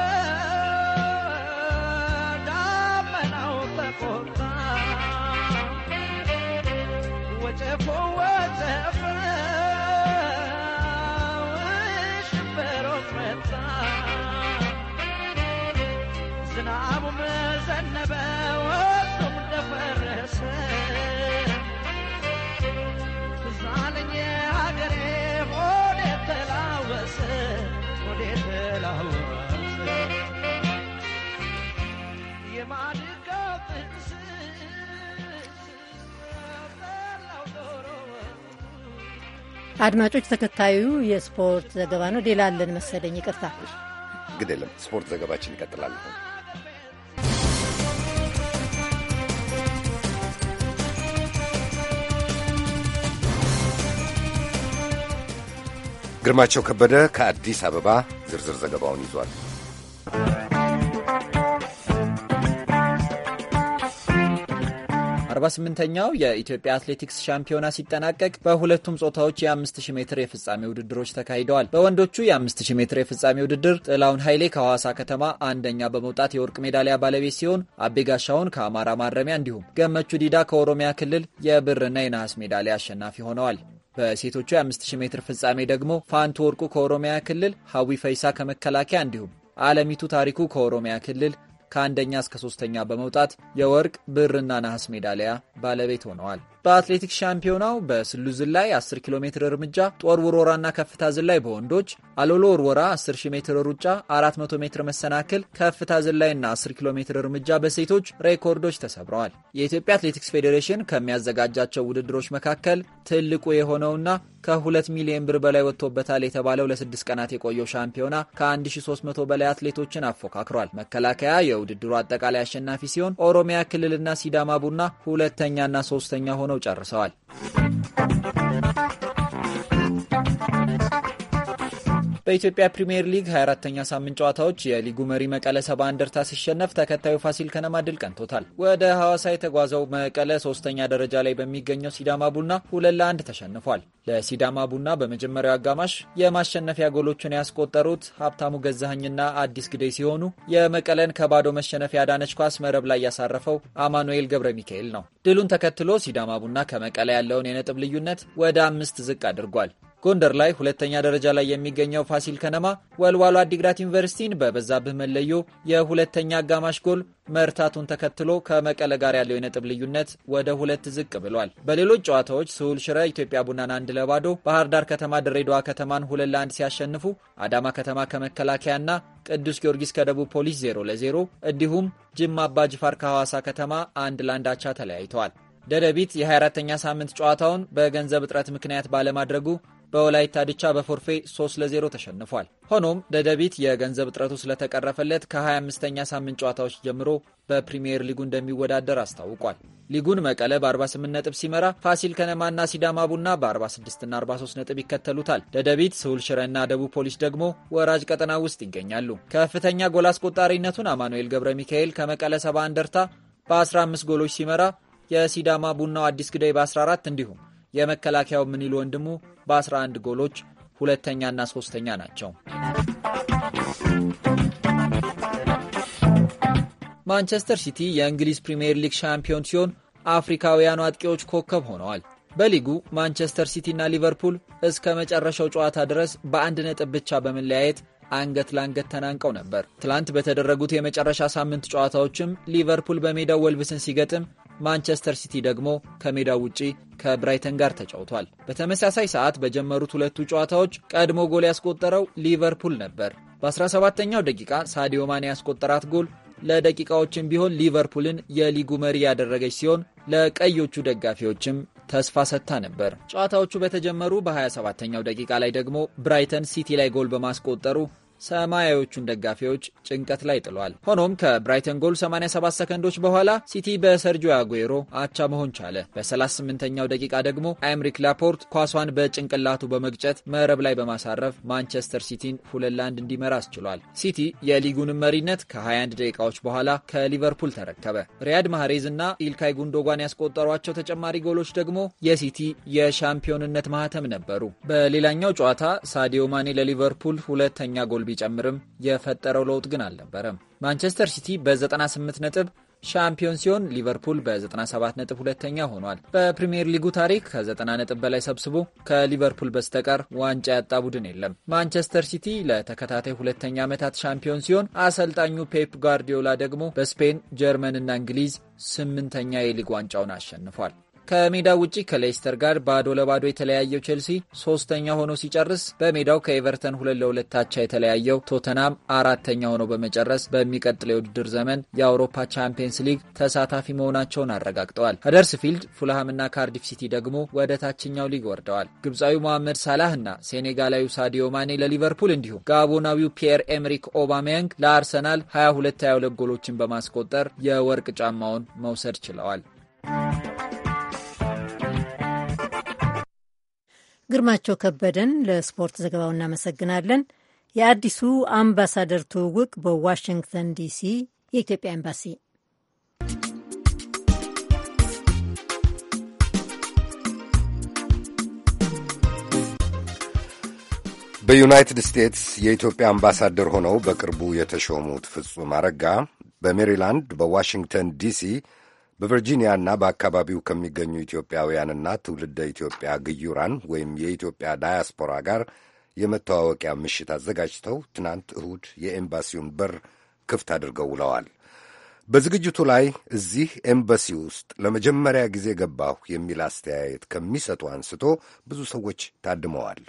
Oh. አድማጮች፣ ተከታዩ የስፖርት ዘገባ ነው። ሌላ አለን መሰለኝ፣ ይቅርታ። እንግዲህ የለም፣ ስፖርት ዘገባችን ይቀጥላል። ግርማቸው ከበደ ከአዲስ አበባ ዝርዝር ዘገባውን ይዟል። 48ኛው የኢትዮጵያ አትሌቲክስ ሻምፒዮና ሲጠናቀቅ በሁለቱም ጾታዎች የ5000 ሜትር የፍጻሜ ውድድሮች ተካሂደዋል። በወንዶቹ የ5000 ሜትር የፍጻሜ ውድድር ጥላውን ኃይሌ ከሐዋሳ ከተማ አንደኛ በመውጣት የወርቅ ሜዳሊያ ባለቤት ሲሆን አቤጋሻውን ከአማራ ማረሚያ እንዲሁም ገመቹ ዲዳ ከኦሮሚያ ክልል የብርና የነሐስ ሜዳሊያ አሸናፊ ሆነዋል። በሴቶቹ የ5000 ሜትር ፍጻሜ ደግሞ ፋንቱ ወርቁ ከኦሮሚያ ክልል፣ ሀዊ ፈይሳ ከመከላከያ እንዲሁም አለሚቱ ታሪኩ ከኦሮሚያ ክልል ከአንደኛ እስከ ሶስተኛ በመውጣት የወርቅ ብርና ነሐስ ሜዳሊያ ባለቤት ሆነዋል። በአትሌቲክስ ሻምፒዮናው በስሉ ዝላይ 10 ኪሎ ሜትር እርምጃ፣ ጦር ውርወራና ከፍታ ዝላይ በወንዶች፣ አሎሎ ውርወራ፣ 10000 ሜትር ሩጫ፣ 400 ሜትር መሰናክል፣ ከፍታ ዝላይና 10 ኪሎ ሜትር እርምጃ በሴቶች ሬኮርዶች ተሰብረዋል። የኢትዮጵያ አትሌቲክስ ፌዴሬሽን ከሚያዘጋጃቸው ውድድሮች መካከል ትልቁ የሆነውና ከ2 ሚሊዮን ብር በላይ ወጥቶበታል የተባለው ለስድስት ቀናት የቆየው ሻምፒዮና ከ1300 በላይ አትሌቶችን አፎካክሯል። መከላከያ የውድድሩ አጠቃላይ አሸናፊ ሲሆን ኦሮሚያ ክልልና ሲዳማ ቡና ሁለተኛና ሶስተኛ ሆነው o በኢትዮጵያ ፕሪምየር ሊግ 24ተኛ ሳምንት ጨዋታዎች የሊጉ መሪ መቀለ ሰባ እንደርታ ሲሸነፍ ተከታዩ ፋሲል ከነማ ድል ቀንቶታል። ወደ ሐዋሳ የተጓዘው መቀለ ሶስተኛ ደረጃ ላይ በሚገኘው ሲዳማ ቡና ሁለት ለአንድ ተሸንፏል። ለሲዳማ ቡና በመጀመሪያው አጋማሽ የማሸነፊያ ጎሎቹን ያስቆጠሩት ሀብታሙ ገዛሀኝና አዲስ ግደይ ሲሆኑ የመቀለን ከባዶ መሸነፍ ያዳነች ኳስ መረብ ላይ ያሳረፈው አማኑኤል ገብረ ሚካኤል ነው። ድሉን ተከትሎ ሲዳማ ቡና ከመቀለ ያለውን የነጥብ ልዩነት ወደ አምስት ዝቅ አድርጓል። ጎንደር ላይ ሁለተኛ ደረጃ ላይ የሚገኘው ፋሲል ከነማ ወልዋሎ አዲግራት ዩኒቨርሲቲን በበዛብህ መለዮ የሁለተኛ አጋማሽ ጎል መርታቱን ተከትሎ ከመቀለ ጋር ያለው የነጥብ ልዩነት ወደ ሁለት ዝቅ ብሏል። በሌሎች ጨዋታዎች ስሁል ሽረ ኢትዮጵያ ቡናን አንድ ለባዶ፣ ባህር ዳር ከተማ ድሬዳዋ ከተማን ሁለት ለአንድ ሲያሸንፉ፣ አዳማ ከተማ ከመከላከያና ቅዱስ ጊዮርጊስ ከደቡብ ፖሊስ 0 ለ0 እንዲሁም ጅማ ጅፋር ከሐዋሳ ከተማ አንድ ለአንድ አቻ ተለያይተዋል። ደደቢት የ 24 ተኛ ሳምንት ጨዋታውን በገንዘብ እጥረት ምክንያት ባለማድረጉ በወላይታ ድቻ በፎርፌ 3 ለ0 ተሸንፏል። ሆኖም ደደቢት የገንዘብ እጥረቱ ስለተቀረፈለት ከ25ኛ ሳምንት ጨዋታዎች ጀምሮ በፕሪምየር ሊጉ እንደሚወዳደር አስታውቋል። ሊጉን መቀለ በ48 ነጥብ ሲመራ ፋሲል ከነማና ሲዳማ ቡና በ 46 እና 43 ነጥብ ይከተሉታል። ደደቢት፣ ስሁል ሽረና ደቡብ ፖሊስ ደግሞ ወራጅ ቀጠና ውስጥ ይገኛሉ። ከፍተኛ ጎል አስቆጣሪነቱን አማኑኤል ገብረ ሚካኤል ከመቀለ 70 እንደርታ በ15 ጎሎች ሲመራ የሲዳማ ቡናው አዲስ ግዳይ በ14 እንዲሁም የመከላከያው ምንይል ወንድሙ በ11 ጎሎች ሁለተኛና ሶስተኛ ናቸው። ማንቸስተር ሲቲ የእንግሊዝ ፕሪምየር ሊግ ሻምፒዮን ሲሆን አፍሪካውያኑ አጥቂዎች ኮከብ ሆነዋል። በሊጉ ማንቸስተር ሲቲና ሊቨርፑል እስከ መጨረሻው ጨዋታ ድረስ በአንድ ነጥብ ብቻ በመለያየት አንገት ለአንገት ተናንቀው ነበር። ትላንት በተደረጉት የመጨረሻ ሳምንት ጨዋታዎችም ሊቨርፑል በሜዳው ወልብስን ሲገጥም ማንቸስተር ሲቲ ደግሞ ከሜዳው ውጪ ከብራይተን ጋር ተጫውቷል። በተመሳሳይ ሰዓት በጀመሩት ሁለቱ ጨዋታዎች ቀድሞ ጎል ያስቆጠረው ሊቨርፑል ነበር። በ17ኛው ደቂቃ ሳዲዮ ማኔ ያስቆጠራት ጎል ለደቂቃዎችም ቢሆን ሊቨርፑልን የሊጉ መሪ ያደረገች ሲሆን ለቀዮቹ ደጋፊዎችም ተስፋ ሰጥታ ነበር። ጨዋታዎቹ በተጀመሩ በ27ኛው ደቂቃ ላይ ደግሞ ብራይተን ሲቲ ላይ ጎል በማስቆጠሩ ሰማያዊዎቹን ደጋፊዎች ጭንቀት ላይ ጥሏል። ሆኖም ከብራይተን ጎል 87 ሰከንዶች በኋላ ሲቲ በሰርጆ አጉዌሮ አቻ መሆን ቻለ። በ38ኛው ደቂቃ ደግሞ አይምሪክ ላፖርት ኳሷን በጭንቅላቱ በመግጨት መረብ ላይ በማሳረፍ ማንቸስተር ሲቲን ሁለት ለአንድ እንዲመራ አስችሏል። ሲቲ የሊጉንም መሪነት ከ21 ደቂቃዎች በኋላ ከሊቨርፑል ተረከበ። ሪያድ ማህሬዝ እና ኢልካይ ጉንዶጓን ያስቆጠሯቸው ተጨማሪ ጎሎች ደግሞ የሲቲ የሻምፒዮንነት ማህተም ነበሩ። በሌላኛው ጨዋታ ሳዲዮ ማኔ ለሊቨርፑል ሁለተኛ ጎል ቢጨምርም የፈጠረው ለውጥ ግን አልነበረም። ማንቸስተር ሲቲ በ98 ነጥብ ሻምፒዮን ሲሆን ሊቨርፑል በ97 ነጥብ ሁለተኛ ሆኗል። በፕሪምየር ሊጉ ታሪክ ከ90 ነጥብ በላይ ሰብስቦ ከሊቨርፑል በስተቀር ዋንጫ ያጣ ቡድን የለም። ማንቸስተር ሲቲ ለተከታታይ ሁለተኛ ዓመታት ሻምፒዮን ሲሆን አሰልጣኙ ፔፕ ጓርዲዮላ ደግሞ በስፔን ጀርመንና እንግሊዝ ስምንተኛ የሊግ ዋንጫውን አሸንፏል። ከሜዳው ውጪ ከሌስተር ጋር ባዶ ለባዶ የተለያየው ቼልሲ ሶስተኛ ሆኖ ሲጨርስ በሜዳው ከኤቨርተን ሁለት ለሁለት ታቻ የተለያየው ቶተናም አራተኛ ሆኖ በመጨረስ በሚቀጥለው የውድድር ዘመን የአውሮፓ ቻምፒየንስ ሊግ ተሳታፊ መሆናቸውን አረጋግጠዋል። ሀደርስፊልድ፣ ፉልሃምና ካርዲፍ ሲቲ ደግሞ ወደ ታችኛው ሊግ ወርደዋል። ግብፃዊ መሐመድ ሳላህ እና ሴኔጋላዊው ሳዲዮ ማኔ ለሊቨርፑል እንዲሁም ጋቦናዊው ፒየር ኤምሪክ ኦባሜያንግ ለአርሰናል 22 22 ጎሎችን በማስቆጠር የወርቅ ጫማውን መውሰድ ችለዋል። ግርማቸው ከበደን ለስፖርት ዘገባው እናመሰግናለን። የአዲሱ አምባሳደር ትውውቅ በዋሽንግተን ዲሲ የኢትዮጵያ ኤምባሲ በዩናይትድ ስቴትስ የኢትዮጵያ አምባሳደር ሆነው በቅርቡ የተሾሙት ፍጹም አረጋ በሜሪላንድ በዋሽንግተን ዲሲ በቨርጂኒያና በአካባቢው ከሚገኙ ኢትዮጵያውያንና ትውልደ ኢትዮጵያ ግዩራን ወይም የኢትዮጵያ ዳያስፖራ ጋር የመተዋወቂያ ምሽት አዘጋጅተው ትናንት እሁድ የኤምባሲውን በር ክፍት አድርገው ውለዋል። በዝግጅቱ ላይ እዚህ ኤምባሲ ውስጥ ለመጀመሪያ ጊዜ ገባሁ የሚል አስተያየት ከሚሰጡ አንስቶ ብዙ ሰዎች ታድመዋል።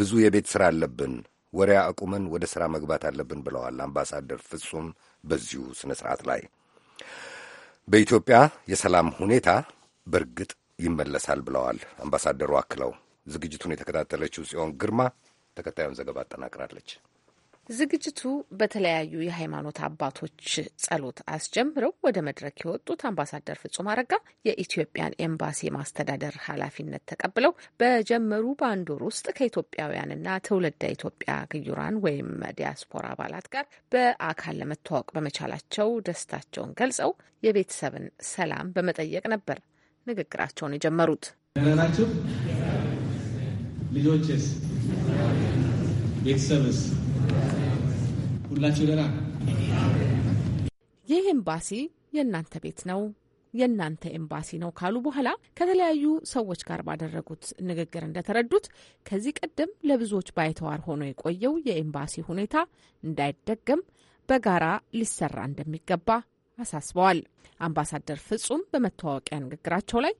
ብዙ የቤት ሥራ አለብን፣ ወሬ አቁመን ወደ ሥራ መግባት አለብን ብለዋል አምባሳደር ፍጹም በዚሁ ሥነ ሥርዓት ላይ በኢትዮጵያ የሰላም ሁኔታ በእርግጥ ይመለሳል ብለዋል አምባሳደሩ አክለው። ዝግጅቱን የተከታተለችው ጽዮን ግርማ ተከታዩን ዘገባ አጠናቅራለች። ዝግጅቱ በተለያዩ የሃይማኖት አባቶች ጸሎት አስጀምረው ወደ መድረክ የወጡት አምባሳደር ፍጹም አረጋ የኢትዮጵያን ኤምባሲ ማስተዳደር ኃላፊነት ተቀብለው በጀመሩ በአንድ ወር ውስጥ ከኢትዮጵያውያንና ትውልደ ኢትዮጵያ ግዩራን ወይም ዲያስፖራ አባላት ጋር በአካል ለመተዋወቅ በመቻላቸው ደስታቸውን ገልጸው የቤተሰብን ሰላም በመጠየቅ ነበር ንግግራቸውን የጀመሩት። ልጆችስ ቤተሰብስ ሁላችሁ ደህና ይህ ኤምባሲ የእናንተ ቤት ነው የእናንተ ኤምባሲ ነው ካሉ በኋላ ከተለያዩ ሰዎች ጋር ባደረጉት ንግግር እንደተረዱት ከዚህ ቀደም ለብዙዎች ባይተዋር ሆኖ የቆየው የኤምባሲ ሁኔታ እንዳይደገም በጋራ ሊሰራ እንደሚገባ አሳስበዋል። አምባሳደር ፍጹም በመተዋወቂያ ንግግራቸው ላይ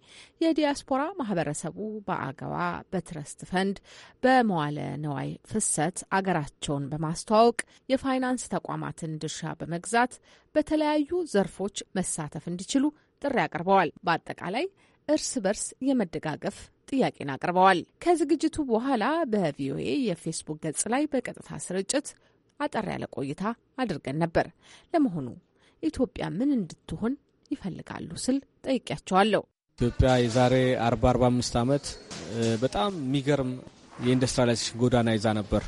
የዲያስፖራ ማህበረሰቡ በአገዋ በትረስት ፈንድ በመዋለ ነዋይ ፍሰት አገራቸውን በማስተዋወቅ የፋይናንስ ተቋማትን ድርሻ በመግዛት በተለያዩ ዘርፎች መሳተፍ እንዲችሉ ጥሪ አቅርበዋል። በአጠቃላይ እርስ በርስ የመደጋገፍ ጥያቄን አቅርበዋል። ከዝግጅቱ በኋላ በቪኦኤ የፌስቡክ ገጽ ላይ በቀጥታ ስርጭት አጠር ያለ ቆይታ አድርገን ነበር። ለመሆኑ ኢትዮጵያ ምን እንድትሆን ይፈልጋሉ ስል ጠይቄያቸዋለሁ። ኢትዮጵያ የዛሬ 40 45 ዓመት በጣም የሚገርም የኢንዱስትሪላይዜሽን ጎዳና ይዛ ነበር።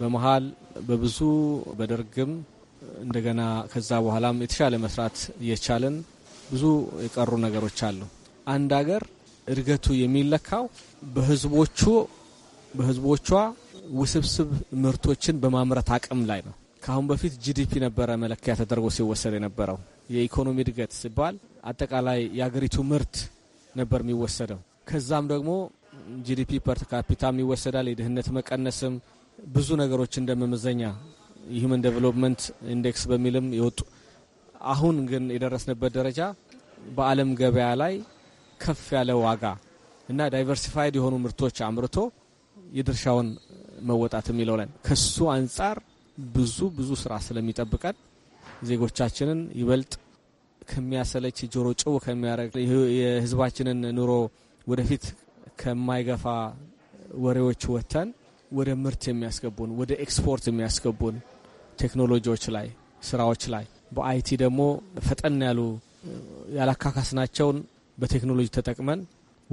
በመሀል በብዙ በደርግም እንደገና ከዛ በኋላም የተሻለ መስራት እየቻልን ብዙ የቀሩ ነገሮች አሉ። አንድ ሀገር እድገቱ የሚለካው በህዝቦቹ በህዝቦቿ ውስብስብ ምርቶችን በማምረት አቅም ላይ ነው። ከአሁን በፊት ጂዲፒ ነበረ መለኪያ ተደርጎ ሲወሰድ የነበረው። የኢኮኖሚ እድገት ሲባል አጠቃላይ የአገሪቱ ምርት ነበር የሚወሰደው። ከዛም ደግሞ ጂዲፒ ፐር ካፒታም ይወሰዳል። የድህነት መቀነስም ብዙ ነገሮች እንደ መመዘኛ ሂውመን ዴቨሎፕመንት ኢንዴክስ በሚልም የወጡ አሁን ግን የደረስንበት ደረጃ በዓለም ገበያ ላይ ከፍ ያለ ዋጋ እና ዳይቨርሲፋይድ የሆኑ ምርቶች አምርቶ የድርሻውን መወጣት የሚለው ላይ ከሱ አንጻር ብዙ ብዙ ስራ ስለሚጠብቀን ዜጎቻችንን ይበልጥ ከሚያሰለች ጆሮ ጭው ከሚያደርግ የህዝባችንን ኑሮ ወደፊት ከማይገፋ ወሬዎች ወጥተን ወደ ምርት የሚያስገቡን ወደ ኤክስፖርት የሚያስገቡን ቴክኖሎጂዎች ላይ ስራዎች ላይ በአይቲ ደግሞ ፈጠን ያሉ ያላካካስናቸውን በቴክኖሎጂ ተጠቅመን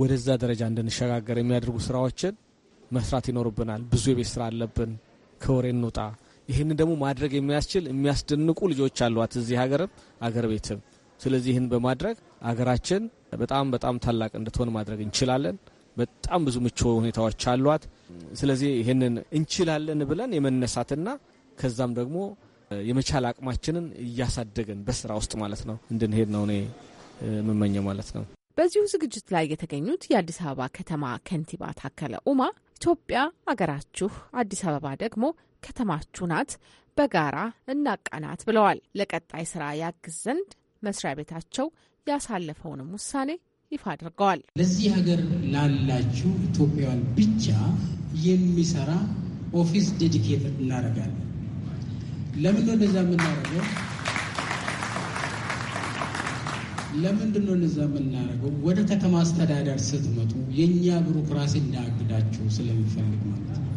ወደዛ ደረጃ እንድንሸጋገር የሚያደርጉ ስራዎችን መስራት ይኖርብናል። ብዙ የቤት ስራ አለብን። ከወሬ እንውጣ። ይህን ደግሞ ማድረግ የሚያስችል የሚያስደንቁ ልጆች አሏት እዚህ ሀገርም አገር ቤትም። ስለዚህ ይህን በማድረግ አገራችን በጣም በጣም ታላቅ እንድትሆን ማድረግ እንችላለን። በጣም ብዙ ምቹ ሁኔታዎች አሏት። ስለዚህ ይህንን እንችላለን ብለን የመነሳትና ከዛም ደግሞ የመቻል አቅማችንን እያሳደግን በስራ ውስጥ ማለት ነው እንድንሄድ ነው እኔ የምመኘው ማለት ነው። በዚሁ ዝግጅት ላይ የተገኙት የአዲስ አበባ ከተማ ከንቲባ ታከለ ኡማ ኢትዮጵያ አገራችሁ፣ አዲስ አበባ ደግሞ ከተማችሁ ናት፣ በጋራ እናቃናት ብለዋል። ለቀጣይ ስራ ያግዝ ዘንድ መስሪያ ቤታቸው ያሳለፈውንም ውሳኔ ይፋ አድርገዋል። ለዚህ ሀገር ላላችሁ ኢትዮጵያውያን ብቻ የሚሰራ ኦፊስ ዴዲኬትድ እናደርጋለን። ለምን ወደዛ የምናደርገው ለምንድን ነው እንደዛ የምናደርገው? ወደ ከተማ አስተዳደር ስትመጡ የእኛ ቢሮክራሲ እንዳያግዳችሁ ስለሚፈልግ ማለት ነው።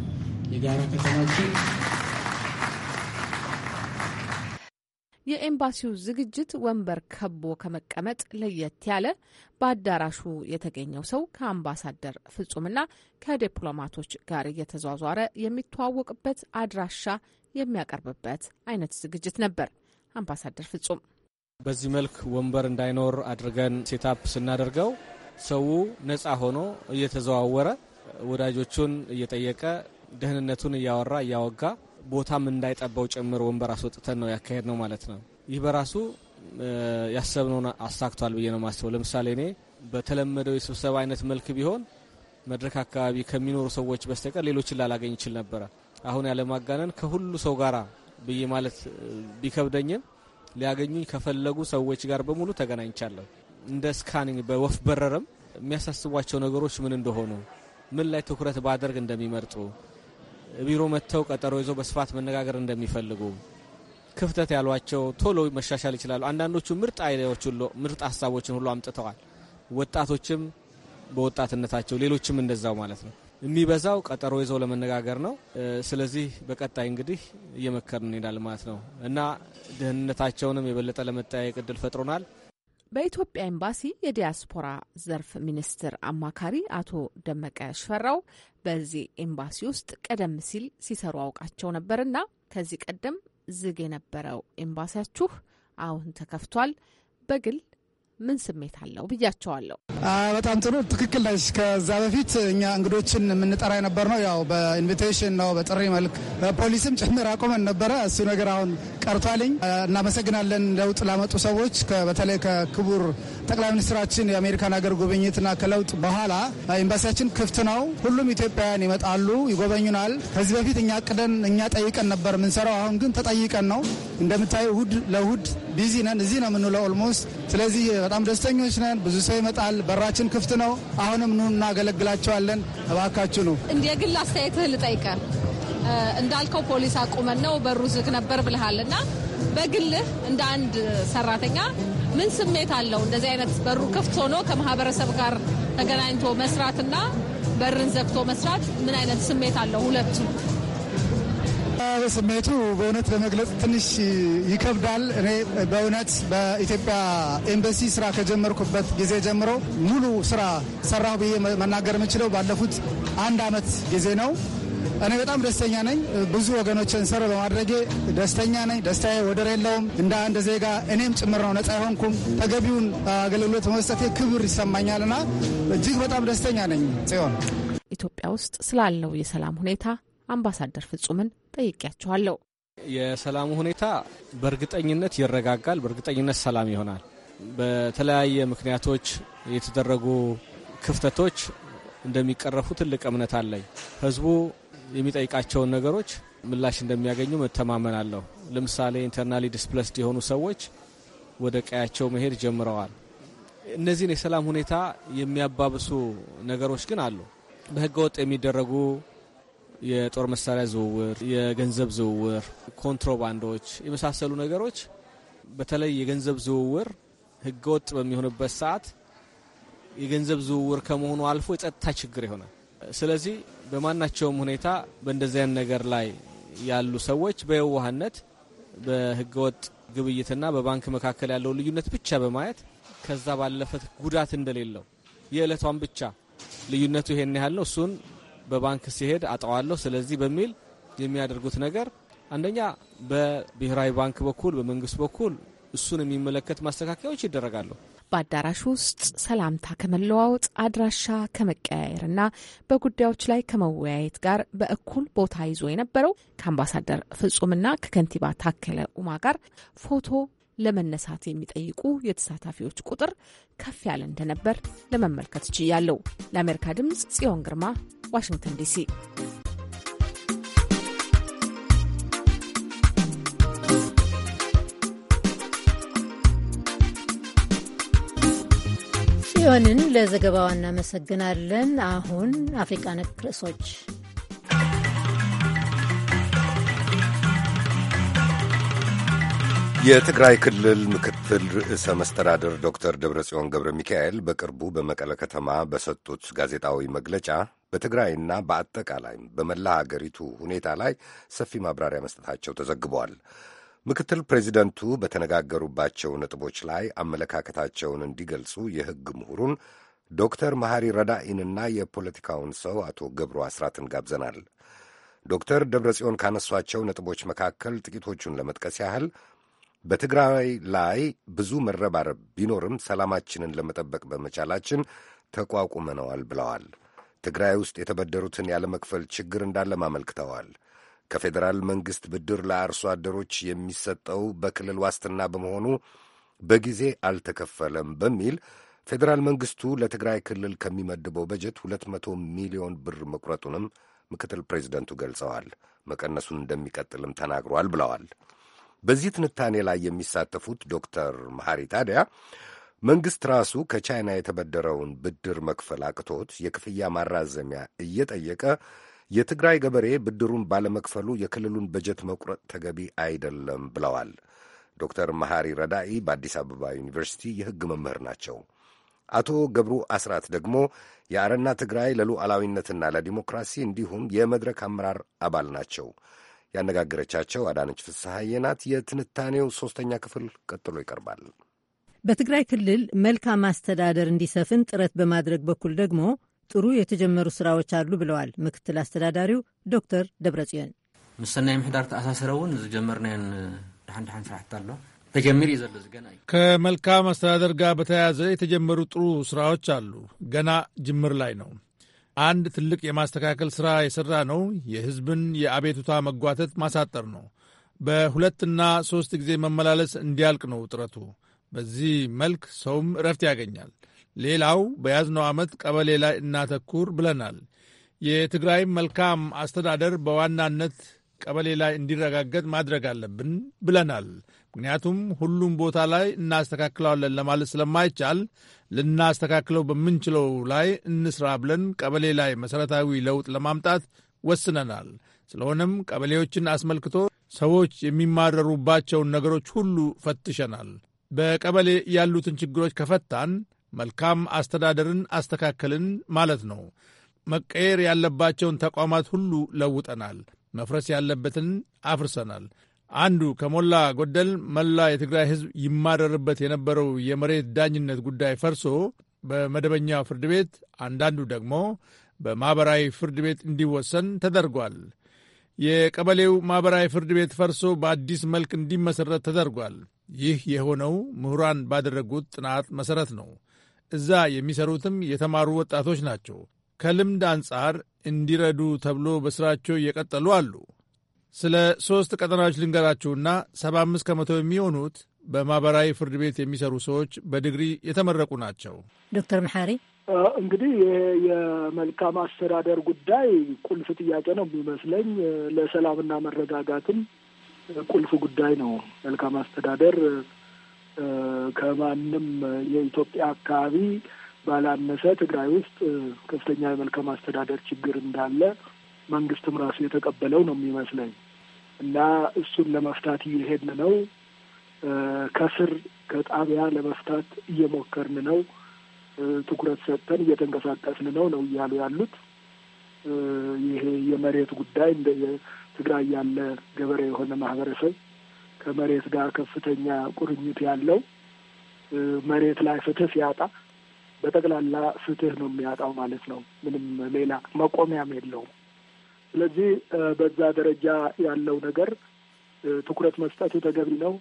የጋራ ከተማችን የኤምባሲው ዝግጅት ወንበር ከቦ ከመቀመጥ ለየት ያለ በአዳራሹ የተገኘው ሰው ከአምባሳደር ፍጹምና ከዲፕሎማቶች ጋር እየተዟዟረ የሚተዋወቅበት አድራሻ የሚያቀርብበት አይነት ዝግጅት ነበር። አምባሳደር ፍጹም በዚህ መልክ ወንበር እንዳይኖር አድርገን ሴታፕ ስናደርገው ሰው ነፃ ሆኖ እየተዘዋወረ ወዳጆቹን እየጠየቀ ደህንነቱን እያወራ እያወጋ ቦታም እንዳይጠባው ጭምር ወንበር አስወጥተን ነው ያካሄድ ነው ማለት ነው። ይህ በራሱ ያሰብነውን አሳክቷል ብዬ ነው ማስበው። ለምሳሌ እኔ በተለመደው የስብሰባ አይነት መልክ ቢሆን መድረክ አካባቢ ከሚኖሩ ሰዎች በስተቀር ሌሎችን ላላገኝ ይችል ነበረ። አሁን ያለማጋነን ከሁሉ ሰው ጋራ ብዬ ማለት ቢከብደኝም ሊያገኙኝ ከፈለጉ ሰዎች ጋር በሙሉ ተገናኝቻለሁ። እንደ ስካኒንግ በወፍ በረርም የሚያሳስቧቸው ነገሮች ምን እንደሆኑ፣ ምን ላይ ትኩረት ባደርግ እንደሚመርጡ፣ ቢሮ መጥተው ቀጠሮ ይዞ በስፋት መነጋገር እንደሚፈልጉ፣ ክፍተት ያሏቸው ቶሎ መሻሻል ይችላሉ። አንዳንዶቹ ምርጥ አይዲያዎች ሁሉ ምርጥ ሀሳቦችን ሁሉ አምጥተዋል። ወጣቶችም በወጣትነታቸው ሌሎችም እንደዛው ማለት ነው። የሚበዛው ቀጠሮ ይዘው ለመነጋገር ነው። ስለዚህ በቀጣይ እንግዲህ እየመከርን እንሄዳለን ማለት ነው እና ደህንነታቸውንም የበለጠ ለመጠያየቅ እድል ፈጥሮናል። በኢትዮጵያ ኤምባሲ የዲያስፖራ ዘርፍ ሚኒስትር አማካሪ አቶ ደመቀ ሽፈራው በዚህ ኤምባሲ ውስጥ ቀደም ሲል ሲሰሩ አውቃቸው ነበርና ከዚህ ቀደም ዝግ የነበረው ኤምባሲያችሁ አሁን ተከፍቷል፣ በግል ምን ስሜት አለው ብያቸዋለሁ። በጣም ጥሩ ትክክል ነች። ከዛ በፊት እኛ እንግዶችን የምንጠራ የነበር ነው ያው በኢንቪቴሽን ነው በጥሪ መልክ በፖሊስም ጭምር አቁመን ነበረ። እሱ ነገር አሁን ቀርቷልኝ። እናመሰግናለን ለውጥ ላመጡ ሰዎች በተለይ ከክቡር ጠቅላይ ሚኒስትራችን የአሜሪካን ሀገር ጉብኝትና ከለውጥ በኋላ ኤምባሲያችን ክፍት ነው። ሁሉም ኢትዮጵያውያን ይመጣሉ፣ ይጎበኙናል። ከዚህ በፊት እኛ ቅደን እኛ ጠይቀን ነበር የምንሰራው። አሁን ግን ተጠይቀን ነው። እንደምታየው ሁድ ለሁድ ቢዚ ነን። እዚህ ነው የምንውለው ኦልሞስት። ስለዚህ በጣም ደስተኞች ነን። ብዙ ሰው ይመጣል። በራችን ክፍት ነው። አሁንም ኑ እናገለግላቸዋለን። እባካችሁ ነው። እንደ የግል አስተያየትህ ልጠይቀህ እንዳልከው ፖሊስ አቁመን ነው በሩ ዝግ ነበር ብልሃል እና በግልህ እንደ አንድ ሰራተኛ ምን ስሜት አለው? እንደዚህ አይነት በሩ ክፍት ሆኖ ከማህበረሰብ ጋር ተገናኝቶ መስራትና በርን ዘግቶ መስራት ምን አይነት ስሜት አለው? ሁለቱ ስሜቱ በእውነት ለመግለጽ ትንሽ ይከብዳል። እኔ በእውነት በኢትዮጵያ ኤምባሲ ስራ ከጀመርኩበት ጊዜ ጀምሮ ሙሉ ስራ ሰራሁ ብዬ መናገር የምችለው ባለፉት አንድ አመት ጊዜ ነው። እኔ በጣም ደስተኛ ነኝ። ብዙ ወገኖችን ሰር በማድረጌ ደስተኛ ነኝ። ደስታዬ ወደር የለውም። እንደ አንድ ዜጋ እኔም ጭምር ነው ነጻ የሆንኩም ተገቢውን አገልግሎት በመስጠቴ ክብር ይሰማኛል እና እጅግ በጣም ደስተኛ ነኝ። ጽዮን፣ ኢትዮጵያ ውስጥ ስላለው የሰላም ሁኔታ አምባሳደር ፍጹምን ጠይቄያቸዋለሁ። የሰላሙ ሁኔታ በእርግጠኝነት ይረጋጋል። በእርግጠኝነት ሰላም ይሆናል። በተለያየ ምክንያቶች የተደረጉ ክፍተቶች እንደሚቀረፉ ትልቅ እምነት አለኝ። ህዝቡ የሚጠይቃቸውን ነገሮች ምላሽ እንደሚያገኙ መተማመን አለሁ። ለምሳሌ ኢንተርናሊ ዲስፕለስድ የሆኑ ሰዎች ወደ ቀያቸው መሄድ ጀምረዋል። እነዚህን የሰላም ሁኔታ የሚያባብሱ ነገሮች ግን አሉ። በህገወጥ የሚደረጉ የጦር መሳሪያ ዝውውር፣ የገንዘብ ዝውውር፣ ኮንትሮባንዶች የመሳሰሉ ነገሮች በተለይ የገንዘብ ዝውውር ህገወጥ በሚሆንበት ሰዓት የገንዘብ ዝውውር ከመሆኑ አልፎ የጸጥታ ችግር ይሆናል። ስለዚህ በማናቸውም ሁኔታ በእንደዚያን ነገር ላይ ያሉ ሰዎች በየዋህነት በህገወጥ ግብይትና በባንክ መካከል ያለው ልዩነት ብቻ በማየት ከዛ ባለፈት ጉዳት እንደሌለው የዕለቷን ብቻ ልዩነቱ ይሄን ያህል ነው፣ እሱን በባንክ ሲሄድ አጠዋለሁ፣ ስለዚህ በሚል የሚያደርጉት ነገር አንደኛ በብሔራዊ ባንክ በኩል በመንግስት በኩል እሱን የሚመለከት ማስተካከያዎች ይደረጋሉ። በአዳራሽ ውስጥ ሰላምታ ከመለዋወጥ አድራሻ ከመቀያየርና በጉዳዮች ላይ ከመወያየት ጋር በእኩል ቦታ ይዞ የነበረው ከአምባሳደር ፍጹምና ከከንቲባ ታከለ ኡማ ጋር ፎቶ ለመነሳት የሚጠይቁ የተሳታፊዎች ቁጥር ከፍ ያለ እንደነበር ለመመልከት ችያለው። ለአሜሪካ ድምፅ ጽዮን ግርማ ዋሽንግተን ዲሲ ጽዮንን ለዘገባዋ እናመሰግናለን። አሁን አፍሪቃ ነክ ርዕሶች የትግራይ ክልል ምክትል ርዕሰ መስተዳድር ዶክተር ደብረጽዮን ገብረ ሚካኤል በቅርቡ በመቀለ ከተማ በሰጡት ጋዜጣዊ መግለጫ በትግራይና በአጠቃላይም በመላ አገሪቱ ሁኔታ ላይ ሰፊ ማብራሪያ መስጠታቸው ተዘግበዋል። ምክትል ፕሬዚደንቱ በተነጋገሩባቸው ነጥቦች ላይ አመለካከታቸውን እንዲገልጹ የሕግ ምሁሩን ዶክተር መሐሪ ረዳኢንና የፖለቲካውን ሰው አቶ ገብሩ አስራትን ጋብዘናል። ዶክተር ደብረ ጽዮን ካነሷቸው ነጥቦች መካከል ጥቂቶቹን ለመጥቀስ ያህል በትግራይ ላይ ብዙ መረባረብ ቢኖርም ሰላማችንን ለመጠበቅ በመቻላችን ተቋቁመነዋል ብለዋል። ትግራይ ውስጥ የተበደሩትን ያለመክፈል ችግር እንዳለም አመልክተዋል። ከፌዴራል መንግሥት ብድር ለአርሶ አደሮች የሚሰጠው በክልል ዋስትና በመሆኑ በጊዜ አልተከፈለም በሚል ፌዴራል መንግሥቱ ለትግራይ ክልል ከሚመድበው በጀት 200 ሚሊዮን ብር መቁረጡንም ምክትል ፕሬዚደንቱ ገልጸዋል። መቀነሱን እንደሚቀጥልም ተናግሯል ብለዋል። በዚህ ትንታኔ ላይ የሚሳተፉት ዶክተር መሐሪ ታዲያ መንግሥት ራሱ ከቻይና የተበደረውን ብድር መክፈል አቅቶት የክፍያ ማራዘሚያ እየጠየቀ የትግራይ ገበሬ ብድሩን ባለመክፈሉ የክልሉን በጀት መቁረጥ ተገቢ አይደለም ብለዋል። ዶክተር መሐሪ ረዳኢ በአዲስ አበባ ዩኒቨርሲቲ የሕግ መምህር ናቸው። አቶ ገብሩ አስራት ደግሞ የአረና ትግራይ ለሉዓላዊነትና ለዲሞክራሲ እንዲሁም የመድረክ አመራር አባል ናቸው። ያነጋገረቻቸው አዳነች ፍስሐዬ ናት። የትንታኔው ሦስተኛ ክፍል ቀጥሎ ይቀርባል። በትግራይ ክልል መልካም አስተዳደር እንዲሰፍን ጥረት በማድረግ በኩል ደግሞ ጥሩ የተጀመሩ ስራዎች አሉ ብለዋል ምክትል አስተዳዳሪው ዶክተር ደብረጽዮን። ምስ ሰናይ ምሕዳር ተኣሳሰረ እውን ዝጀመርናን ድሓን ድሓን ስራሕቲ ኣሎ ተጀሚር እዩ ዘሎ ዝገና እዩ። ከመልካም ኣስተዳደር ጋር በተያያዘ የተጀመሩ ጥሩ ስራዎች አሉ፣ ገና ጅምር ላይ ነው። አንድ ትልቅ የማስተካከል ሥራ የሠራ ነው የሕዝብን የአቤቱታ መጓተት ማሳጠር ነው። በሁለትና ሦስት ጊዜ መመላለስ እንዲያልቅ ነው ጥረቱ። በዚህ መልክ ሰውም እረፍት ያገኛል። ሌላው በያዝነው ዓመት ቀበሌ ላይ እናተኩር ብለናል። የትግራይ መልካም አስተዳደር በዋናነት ቀበሌ ላይ እንዲረጋገጥ ማድረግ አለብን ብለናል። ምክንያቱም ሁሉም ቦታ ላይ እናስተካክለዋለን ለማለት ስለማይቻል ልናስተካክለው በምንችለው ላይ እንስራ ብለን ቀበሌ ላይ መሠረታዊ ለውጥ ለማምጣት ወስነናል። ስለሆነም ቀበሌዎችን አስመልክቶ ሰዎች የሚማረሩባቸውን ነገሮች ሁሉ ፈትሸናል። በቀበሌ ያሉትን ችግሮች ከፈታን መልካም አስተዳደርን አስተካከልን ማለት ነው። መቀየር ያለባቸውን ተቋማት ሁሉ ለውጠናል። መፍረስ ያለበትን አፍርሰናል። አንዱ ከሞላ ጎደል መላ የትግራይ ሕዝብ ይማረርበት የነበረው የመሬት ዳኝነት ጉዳይ ፈርሶ በመደበኛ ፍርድ ቤት፣ አንዳንዱ ደግሞ በማኅበራዊ ፍርድ ቤት እንዲወሰን ተደርጓል። የቀበሌው ማኅበራዊ ፍርድ ቤት ፈርሶ በአዲስ መልክ እንዲመሠረት ተደርጓል። ይህ የሆነው ምሁራን ባደረጉት ጥናት መሠረት ነው። እዛ የሚሰሩትም የተማሩ ወጣቶች ናቸው። ከልምድ አንጻር እንዲረዱ ተብሎ በሥራቸው እየቀጠሉ አሉ። ስለ ሦስት ቀጠናዎች ልንገራችሁና 75 ከመቶ የሚሆኑት በማኅበራዊ ፍርድ ቤት የሚሰሩ ሰዎች በድግሪ የተመረቁ ናቸው። ዶክተር መሐሪ እንግዲህ የመልካም አስተዳደር ጉዳይ ቁልፍ ጥያቄ ነው የሚመስለኝ። ለሰላምና መረጋጋትም ቁልፍ ጉዳይ ነው። መልካም አስተዳደር ከማንም የኢትዮጵያ አካባቢ ባላነሰ ትግራይ ውስጥ ከፍተኛ የመልካም አስተዳደር ችግር እንዳለ መንግስትም ራሱ የተቀበለው ነው የሚመስለኝ እና እሱን ለመፍታት እየሄድን ነው። ከስር ከጣቢያ ለመፍታት እየሞከርን ነው። ትኩረት ሰጥተን እየተንቀሳቀስን ነው ነው እያሉ ያሉት። ይሄ የመሬት ጉዳይ እንደ ትግራይ ያለ ገበሬ የሆነ ማህበረሰብ ከመሬት ጋር ከፍተኛ ቁርኝት ያለው መሬት ላይ ፍትህ ሲያጣ በጠቅላላ ፍትህ ነው የሚያጣው ማለት ነው። ምንም ሌላ መቆሚያም የለውም። ስለዚህ በዛ ደረጃ ያለው ነገር ትኩረት መስጠቱ ተገቢ ነው።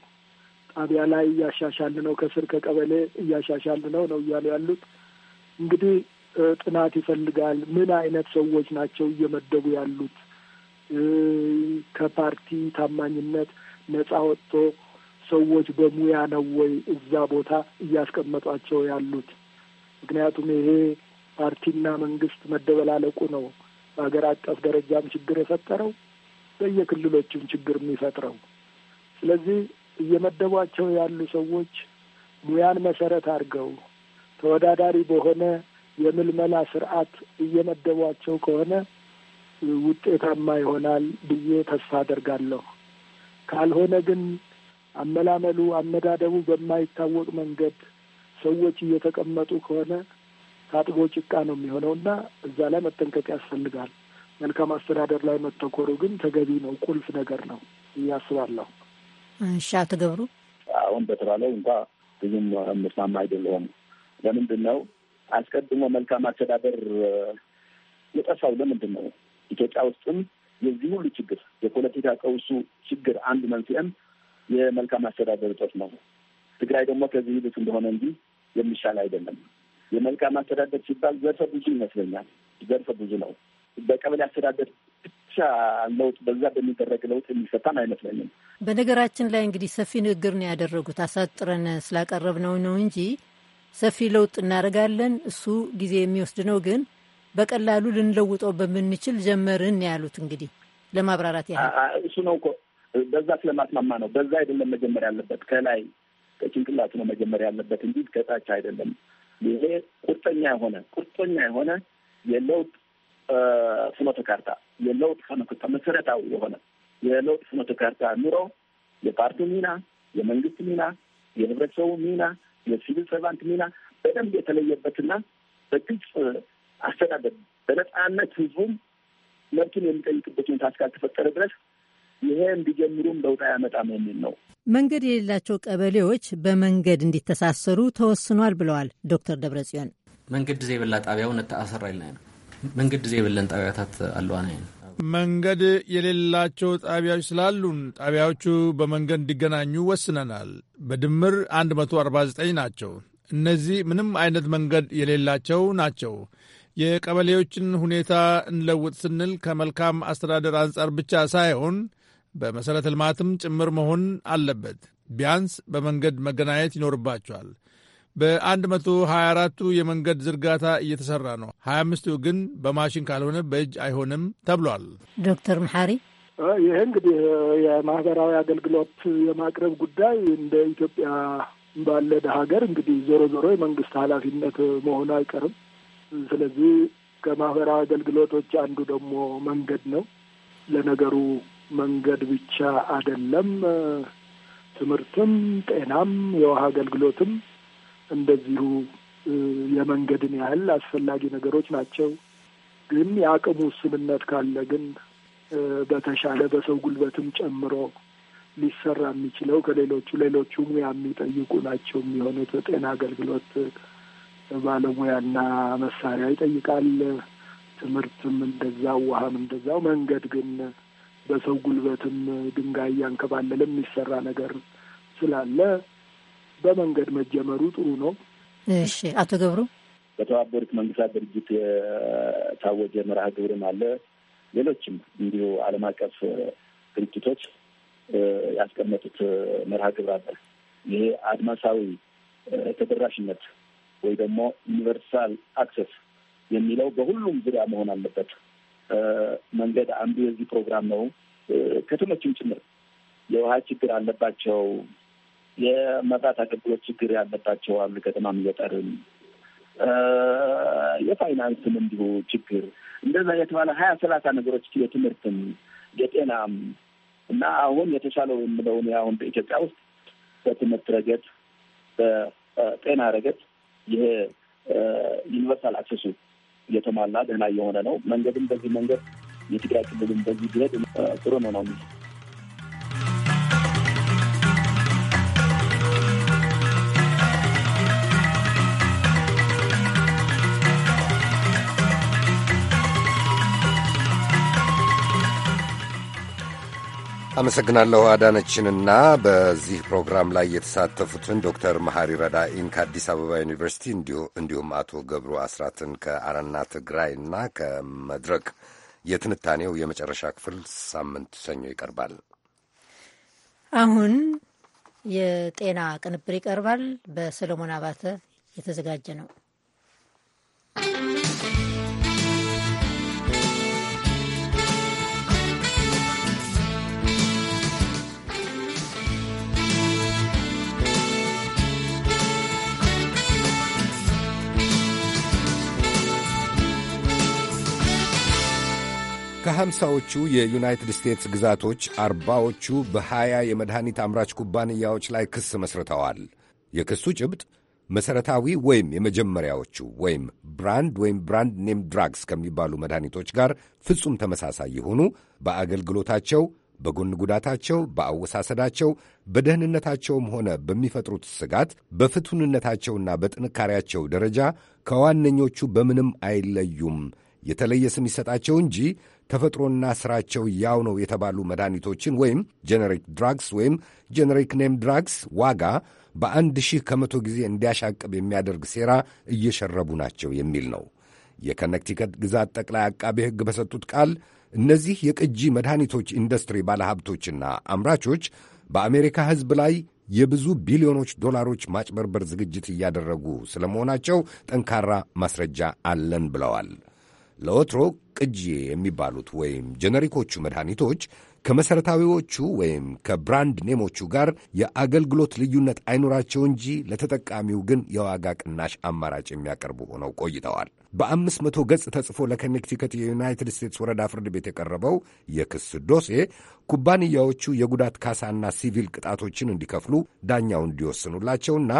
ጣቢያ ላይ እያሻሻል ነው፣ ከስር ከቀበሌ እያሻሻል ነው ነው እያሉ ያሉት እንግዲህ ጥናት ይፈልጋል። ምን አይነት ሰዎች ናቸው እየመደቡ ያሉት ከፓርቲ ታማኝነት ነጻ ወጥቶ ሰዎች በሙያ ነው ወይ እዛ ቦታ እያስቀመጧቸው ያሉት? ምክንያቱም ይሄ ፓርቲና መንግስት መደበላለቁ ነው በሀገር አቀፍ ደረጃም ችግር የፈጠረው በየክልሎችም ችግር የሚፈጥረው። ስለዚህ እየመደቧቸው ያሉ ሰዎች ሙያን መሰረት አድርገው ተወዳዳሪ በሆነ የምልመላ ስርዓት እየመደቧቸው ከሆነ ውጤታማ ይሆናል ብዬ ተስፋ አደርጋለሁ። ካልሆነ ግን አመላመሉ አመዳደቡ በማይታወቅ መንገድ ሰዎች እየተቀመጡ ከሆነ ታጥቦ ጭቃ ነው የሚሆነው እና እዛ ላይ መጠንቀቅ ያስፈልጋል። መልካም አስተዳደር ላይ መተኮሩ ግን ተገቢ ነው፣ ቁልፍ ነገር ነው እያስባለሁ። እሺ፣ አቶ ገብሩ አሁን በተባለው እንኳ ብዙም የምስማማ አይደለሁም። ለምንድን ነው አስቀድሞ መልካም አስተዳደር የጠፋው? ለምንድን ነው ኢትዮጵያ ውስጥም የዚህ ሁሉ ችግር የፖለቲካ ቀውሱ ችግር አንድ መንስኤም የመልካም አስተዳደር እጦት ነው። ትግራይ ደግሞ ከዚህ ይልቅ እንደሆነ እንጂ የሚሻል አይደለም። የመልካም አስተዳደር ሲባል ዘርፈ ብዙ ይመስለኛል። ዘርፈ ብዙ ነው። በቀበሌ አስተዳደር ብቻ ለውጥ በዛ በሚደረግ ለውጥ የሚፈታም አይመስለኝም። በነገራችን ላይ እንግዲህ ሰፊ ንግግር ነው ያደረጉት። አሳጥረን ነው ነው እንጂ ሰፊ ለውጥ እናደርጋለን እሱ ጊዜ የሚወስድ ነው። ግን በቀላሉ ልንለውጠው በምንችል ጀመርን ያሉት እንግዲህ ለማብራራት ያህል እሱ ነው እኮ በዛ ስለማስማማ ነው። በዛ አይደለም መጀመር ያለበት ከላይ ከጭንቅላቱ ነው መጀመር ያለበት እንጂ ከታች አይደለም። ይሄ ቁርጠኛ የሆነ ቁርጠኛ የሆነ የለውጥ ፍኖተ ካርታ የለውጥ መሰረታዊ የሆነ የለውጥ ፍኖተ ካርታ ኑሮ የፓርቲው ሚና፣ የመንግስት ሚና፣ የህብረተሰቡ ሚና፣ የሲቪል ሰርቫንት ሚና በደንብ የተለየበትና በግልጽ አስተዳደር በነጻነት ህዝቡም መብቱን የሚጠይቅበት ሁኔታ እስካልተፈጠረ ድረስ ይሄ እንዲጀምሩም ለውጥ አያመጣም የሚል ነው። መንገድ የሌላቸው ቀበሌዎች በመንገድ እንዲተሳሰሩ ተወስኗል ብለዋል ዶክተር ደብረጽዮን። መንገድ ዜ የበላ ጣቢያው ጣቢያውን ተአሰራይልና ነው መንገድ ዜ የበለን ጣቢያታት አለዋ ነው መንገድ የሌላቸው ጣቢያዎች ስላሉን ጣቢያዎቹ በመንገድ እንዲገናኙ ወስነናል። በድምር 149 ናቸው። እነዚህ ምንም አይነት መንገድ የሌላቸው ናቸው። የቀበሌዎችን ሁኔታ እንለውጥ ስንል ከመልካም አስተዳደር አንጻር ብቻ ሳይሆን በመሠረተ ልማትም ጭምር መሆን አለበት። ቢያንስ በመንገድ መገናኘት ይኖርባቸዋል። በ124ቱ የመንገድ ዝርጋታ እየተሠራ ነው። 25ቱ ግን በማሽን ካልሆነ በእጅ አይሆንም ተብሏል። ዶክተር መሐሪ ይህ እንግዲህ የማህበራዊ አገልግሎት የማቅረብ ጉዳይ እንደ ኢትዮጵያ ባለ ሀገር እንግዲህ ዞሮ ዞሮ የመንግስት ኃላፊነት መሆኑ አይቀርም። ስለዚህ ከማህበራዊ አገልግሎቶች አንዱ ደግሞ መንገድ ነው። ለነገሩ መንገድ ብቻ አይደለም፣ ትምህርትም፣ ጤናም፣ የውሃ አገልግሎትም እንደዚሁ የመንገድን ያህል አስፈላጊ ነገሮች ናቸው። ግን የአቅሙ ውስንነት ካለ ግን በተሻለ በሰው ጉልበትም ጨምሮ ሊሰራ የሚችለው ከሌሎቹ ሌሎቹ ሙያ የሚጠይቁ ናቸው የሚሆኑት ጤና አገልግሎት ባለሙያና መሳሪያ ይጠይቃል። ትምህርትም እንደዛው፣ ውሃም እንደዛው። መንገድ ግን በሰው ጉልበትም ድንጋይ እያንከባለለ የሚሰራ ነገር ስላለ በመንገድ መጀመሩ ጥሩ ነው። እሺ፣ አቶ ገብሩ በተባበሩት መንግስታት ድርጅት የታወጀ መርሃ ግብርም አለ። ሌሎችም እንዲሁ ዓለም አቀፍ ድርጅቶች ያስቀመጡት መርሃ ግብር አለ። ይሄ አድማሳዊ ተደራሽነት ወይ ደግሞ ዩኒቨርሳል አክሰስ የሚለው በሁሉም ዙሪያ መሆን አለበት። መንገድ አንዱ የዚህ ፕሮግራም ነው። ከተሞችም ጭምር የውሃ ችግር አለባቸው፣ የመብራት አገልግሎት ችግር ያለባቸው አሉ። ከተማም ገጠርም የፋይናንስም እንዲሁ ችግር እንደዛ የተባለ ሀያ ሰላሳ ነገሮች የትምህርትም የጤናም እና አሁን የተሻለው የምለውን አሁን በኢትዮጵያ ውስጥ በትምህርት ረገድ በጤና ረገድ ይሄ ዩኒቨርሳል አክሰሱ እየተሟላ ደህና እየሆነ ነው። መንገድም በዚህ መንገድ የትግራይ ክልልም በዚህ ድረድ ጥሩ ነው ነው አመሰግናለሁ አዳነችንና በዚህ ፕሮግራም ላይ የተሳተፉትን ዶክተር መሐሪ ረዳኢን ከአዲስ አበባ ዩኒቨርሲቲ እንዲሁም አቶ ገብሩ አስራትን ከአረና ትግራይና ከመድረክ የትንታኔው የመጨረሻ ክፍል ሳምንት ሰኞ ይቀርባል። አሁን የጤና ቅንብር ይቀርባል። በሰለሞን አባተ የተዘጋጀ ነው። ከሀምሳዎቹ የዩናይትድ ስቴትስ ግዛቶች አርባዎቹ በሀያ የመድኃኒት አምራች ኩባንያዎች ላይ ክስ መስርተዋል። የክሱ ጭብጥ መሠረታዊ ወይም የመጀመሪያዎቹ ወይም ብራንድ ወይም ብራንድ ኔም ድራግስ ከሚባሉ መድኃኒቶች ጋር ፍጹም ተመሳሳይ የሆኑ በአገልግሎታቸው፣ በጎን ጉዳታቸው፣ በአወሳሰዳቸው፣ በደህንነታቸውም ሆነ በሚፈጥሩት ስጋት በፍቱንነታቸውና በጥንካሬያቸው ደረጃ ከዋነኞቹ በምንም አይለዩም፣ የተለየ ስም ይሰጣቸው እንጂ ተፈጥሮና ስራቸው ያው ነው የተባሉ መድኃኒቶችን ወይም ጄኔሪክ ድራግስ ወይም ጄኔሪክ ኔም ድራግስ ዋጋ በአንድ ሺህ ከመቶ ጊዜ እንዲያሻቅብ የሚያደርግ ሴራ እየሸረቡ ናቸው የሚል ነው። የከነክቲከት ግዛት ጠቅላይ አቃቤ ሕግ በሰጡት ቃል እነዚህ የቅጂ መድኃኒቶች ኢንዱስትሪ ባለሀብቶችና አምራቾች በአሜሪካ ሕዝብ ላይ የብዙ ቢሊዮኖች ዶላሮች ማጭበርበር ዝግጅት እያደረጉ ስለመሆናቸው ጠንካራ ማስረጃ አለን ብለዋል። ለወትሮ ቅጂ የሚባሉት ወይም ጀነሪኮቹ መድኃኒቶች ከመሠረታዊዎቹ ወይም ከብራንድ ኔሞቹ ጋር የአገልግሎት ልዩነት አይኖራቸው እንጂ ለተጠቃሚው ግን የዋጋ ቅናሽ አማራጭ የሚያቀርቡ ሆነው ቆይተዋል። በአምስት መቶ ገጽ ተጽፎ ለኮኔክቲከት የዩናይትድ ስቴትስ ወረዳ ፍርድ ቤት የቀረበው የክስ ዶሴ ኩባንያዎቹ የጉዳት ካሳና ሲቪል ቅጣቶችን እንዲከፍሉ ዳኛው እንዲወስኑላቸውና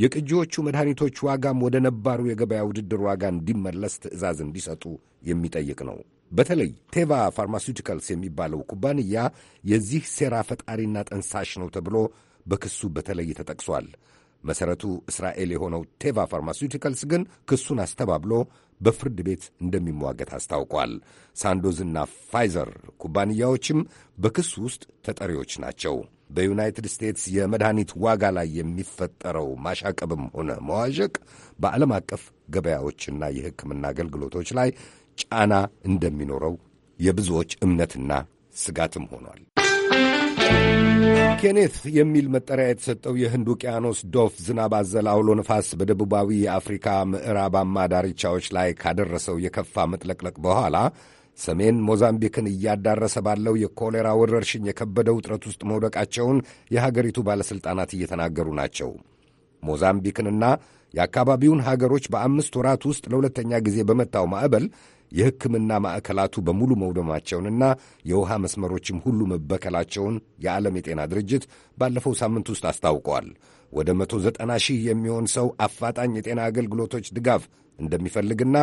የቅጂዎቹ መድኃኒቶች ዋጋም ወደ ነባሩ የገበያ ውድድር ዋጋ እንዲመለስ ትዕዛዝ እንዲሰጡ የሚጠይቅ ነው። በተለይ ቴቫ ፋርማሲውቲካልስ የሚባለው ኩባንያ የዚህ ሴራ ፈጣሪና ጠንሳሽ ነው ተብሎ በክሱ በተለይ ተጠቅሷል። መሠረቱ እስራኤል የሆነው ቴቫ ፋርማሲውቲካልስ ግን ክሱን አስተባብሎ በፍርድ ቤት እንደሚሟገት አስታውቋል። ሳንዶዝና ፋይዘር ኩባንያዎችም በክሱ ውስጥ ተጠሪዎች ናቸው። በዩናይትድ ስቴትስ የመድኃኒት ዋጋ ላይ የሚፈጠረው ማሻቀብም ሆነ መዋዠቅ በዓለም አቀፍ ገበያዎችና የሕክምና አገልግሎቶች ላይ ጫና እንደሚኖረው የብዙዎች እምነትና ስጋትም ሆኗል። ኬኔት የሚል መጠሪያ የተሰጠው የህንድ ውቅያኖስ ዶፍ ዝናብ አዘል አውሎ ነፋስ በደቡባዊ የአፍሪካ ምዕራባማ ዳርቻዎች ላይ ካደረሰው የከፋ መጥለቅለቅ በኋላ ሰሜን ሞዛምቢክን እያዳረሰ ባለው የኮሌራ ወረርሽኝ የከበደ ውጥረት ውስጥ መውደቃቸውን የሀገሪቱ ባለሥልጣናት እየተናገሩ ናቸው። ሞዛምቢክንና የአካባቢውን ሀገሮች በአምስት ወራት ውስጥ ለሁለተኛ ጊዜ በመታው ማዕበል የሕክምና ማዕከላቱ በሙሉ መውደማቸውንና የውሃ መስመሮችም ሁሉ መበከላቸውን የዓለም የጤና ድርጅት ባለፈው ሳምንት ውስጥ አስታውቋል። ወደ 190 ሺህ የሚሆን ሰው አፋጣኝ የጤና አገልግሎቶች ድጋፍ እንደሚፈልግና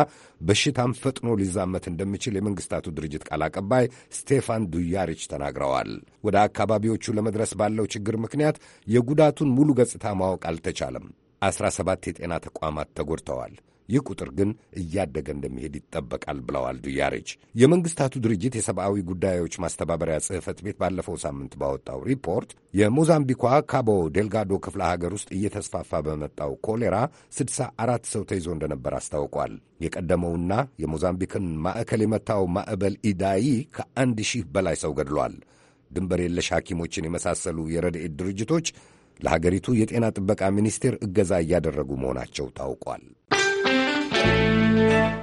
በሽታም ፈጥኖ ሊዛመት እንደሚችል የመንግስታቱ ድርጅት ቃል አቀባይ ስቴፋን ዱያሪች ተናግረዋል። ወደ አካባቢዎቹ ለመድረስ ባለው ችግር ምክንያት የጉዳቱን ሙሉ ገጽታ ማወቅ አልተቻለም። 17 የጤና ተቋማት ተጎድተዋል። ይህ ቁጥር ግን እያደገ እንደሚሄድ ይጠበቃል ብለዋል ዱያሬች። የመንግስታቱ ድርጅት የሰብአዊ ጉዳዮች ማስተባበሪያ ጽሕፈት ቤት ባለፈው ሳምንት ባወጣው ሪፖርት የሞዛምቢኳ ካቦ ዴልጋዶ ክፍለ ሀገር ውስጥ እየተስፋፋ በመጣው ኮሌራ 64 ሰው ተይዞ እንደነበር አስታውቋል። የቀደመውና የሞዛምቢክን ማዕከል የመታው ማዕበል ኢዳይ ከአንድ ሺህ በላይ ሰው ገድሏል። ድንበር የለሽ ሐኪሞችን የመሳሰሉ የረድኤት ድርጅቶች ለሀገሪቱ የጤና ጥበቃ ሚኒስቴር እገዛ እያደረጉ መሆናቸው ታውቋል።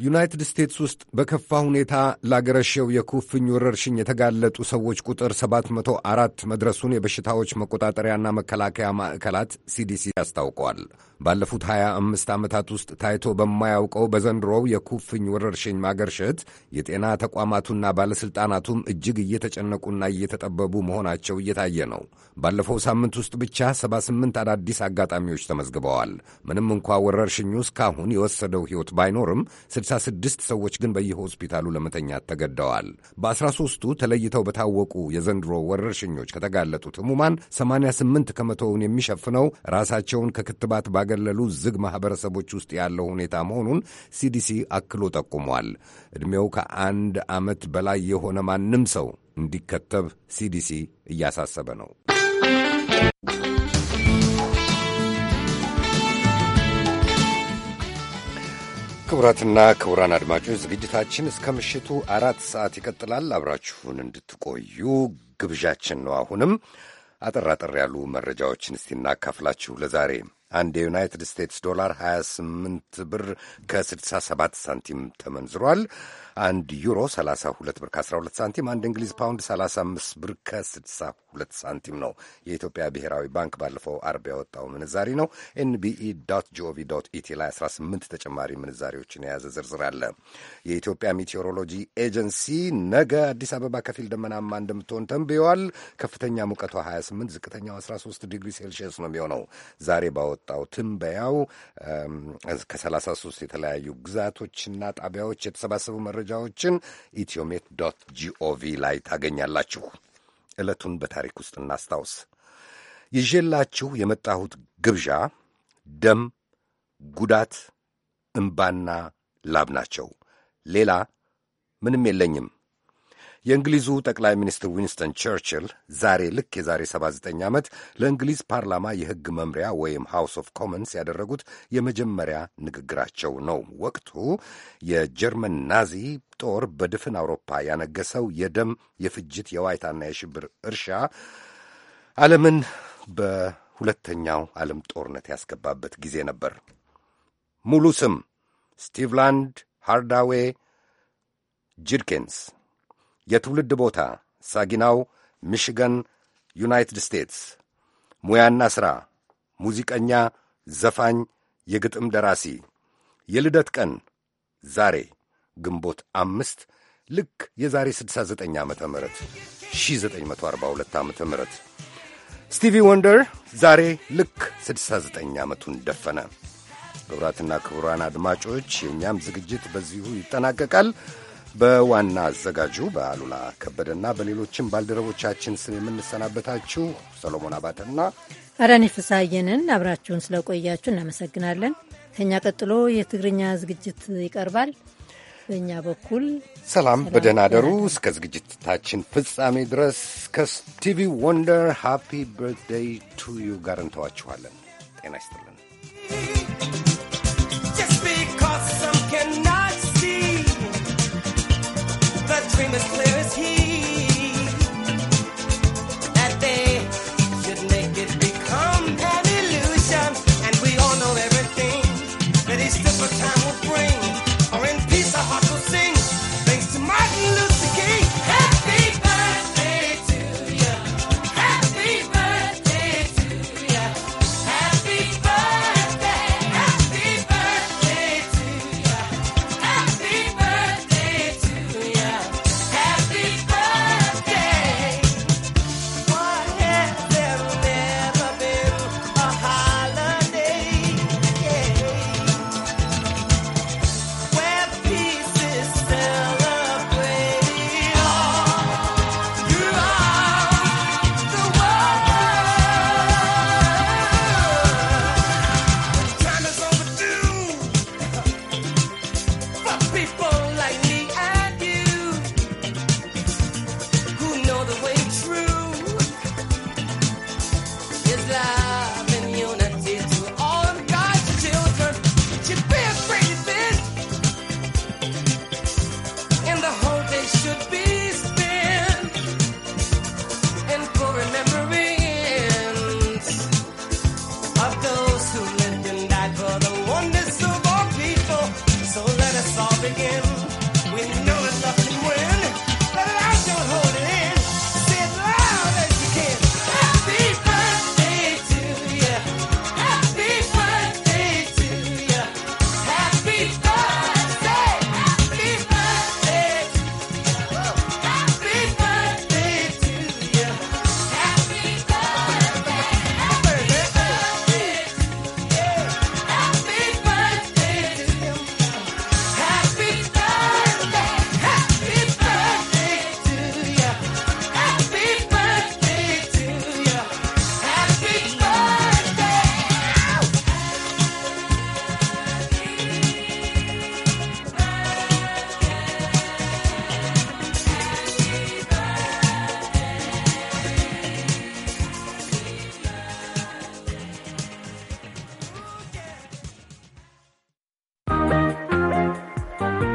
ዩናይትድ ስቴትስ ውስጥ በከፋ ሁኔታ ላገረሸው የኩፍኝ ወረርሽኝ የተጋለጡ ሰዎች ቁጥር 704 መድረሱን የበሽታዎች መቆጣጠሪያና መከላከያ ማዕከላት ሲዲሲ አስታውቀዋል። ባለፉት 25 ዓመታት ውስጥ ታይቶ በማያውቀው በዘንድሮው የኩፍኝ ወረርሽኝ ማገርሸት የጤና ተቋማቱና ባለሥልጣናቱም እጅግ እየተጨነቁና እየተጠበቡ መሆናቸው እየታየ ነው። ባለፈው ሳምንት ውስጥ ብቻ 78 አዳዲስ አጋጣሚዎች ተመዝግበዋል። ምንም እንኳ ወረርሽኙ እስካሁን የወሰደው ሕይወት ባይኖርም 66 ሰዎች ግን በየሆስፒታሉ ለመተኛት ተገደዋል። በ13ቱ ተለይተው በታወቁ የዘንድሮ ወረርሽኞች ከተጋለጡት ሕሙማን 88 ከመቶውን የሚሸፍነው ራሳቸውን ከክትባት ከተገለሉ ዝግ ማህበረሰቦች ውስጥ ያለው ሁኔታ መሆኑን ሲዲሲ አክሎ ጠቁሟል። ዕድሜው ከአንድ ዓመት በላይ የሆነ ማንም ሰው እንዲከተብ ሲዲሲ እያሳሰበ ነው። ክቡራትና ክቡራን አድማጮች ዝግጅታችን እስከ ምሽቱ አራት ሰዓት ይቀጥላል። አብራችሁን እንድትቆዩ ግብዣችን ነው። አሁንም አጠር አጠር ያሉ መረጃዎችን እስቲ እናካፍላችሁ ለዛሬ አንድ የዩናይትድ ስቴትስ ዶላር 28 ብር ከ67 ሳንቲም ተመንዝሯል። አንድ ዩሮ 32 ብር ከ12 ሳንቲም፣ አንድ እንግሊዝ ፓውንድ 35 ብር ከ62 ሳንቲም ነው። የኢትዮጵያ ብሔራዊ ባንክ ባለፈው አርብ ያወጣው ምንዛሪ ነው። ኤንቢኢ ጂኦቪ ኢቲ ላይ 18 ተጨማሪ ምንዛሪዎችን የያዘ ዝርዝር አለ። የኢትዮጵያ ሚቴዎሮሎጂ ኤጀንሲ ነገ አዲስ አበባ ከፊል ደመናማ እንደምትሆን ተንብየዋል። ከፍተኛ ሙቀቷ 28፣ ዝቅተኛው 13 ዲግሪ ሴልሺየስ ነው የሚሆነው። ዛሬ ባወጣው ትንበያው ከ33 የተለያዩ ግዛቶችና ጣቢያዎች የተሰባሰቡ መረጃ መረጃዎችን ኢትዮሜት ዶት ጂኦቪ ላይ ታገኛላችሁ። ዕለቱን በታሪክ ውስጥ እናስታውስ። ይዤላችሁ የመጣሁት ግብዣ ደም፣ ጉዳት፣ እምባና ላብ ናቸው። ሌላ ምንም የለኝም። የእንግሊዙ ጠቅላይ ሚኒስትር ዊንስተን ቸርችል ዛሬ ልክ የዛሬ 79 ዓመት ለእንግሊዝ ፓርላማ የሕግ መምሪያ ወይም ሃውስ ኦፍ ኮመንስ ያደረጉት የመጀመሪያ ንግግራቸው ነው። ወቅቱ የጀርመን ናዚ ጦር በድፍን አውሮፓ ያነገሰው የደም የፍጅት፣ የዋይታና የሽብር እርሻ ዓለምን በሁለተኛው ዓለም ጦርነት ያስገባበት ጊዜ ነበር። ሙሉ ስም ስቲቭላንድ ሃርዳዌ ጂድኪንስ የትውልድ ቦታ ሳጊናው ሚሽገን፣ ዩናይትድ ስቴትስ። ሙያና ሥራ ሙዚቀኛ፣ ዘፋኝ፣ የግጥም ደራሲ። የልደት ቀን ዛሬ ግንቦት አምስት ልክ የዛሬ 69 ዓመተ ምህረት 1942 ዓመተ ምህረት ስቲቪ ወንደር ዛሬ ልክ 69 ዓመቱን ደፈነ። ክቡራትና ክቡራን አድማጮች የእኛም ዝግጅት በዚሁ ይጠናቀቃል። በዋና አዘጋጁ በአሉላ ከበደና በሌሎችም ባልደረቦቻችን ስም የምንሰናበታችሁ ሰሎሞን አባተና አዳኒ ፍሳየንን አብራችሁን ስለቆያችሁ እናመሰግናለን። ከእኛ ቀጥሎ የትግርኛ ዝግጅት ይቀርባል። በእኛ በኩል ሰላም፣ በደህና እስከ ዝግጅታችን ፍጻሜ ድረስ ከስቲቪ ወንደር ሃፒ ብርትደይ ቱ ዩ ጋር እንተዋችኋለን። ጤና ይስጥልን።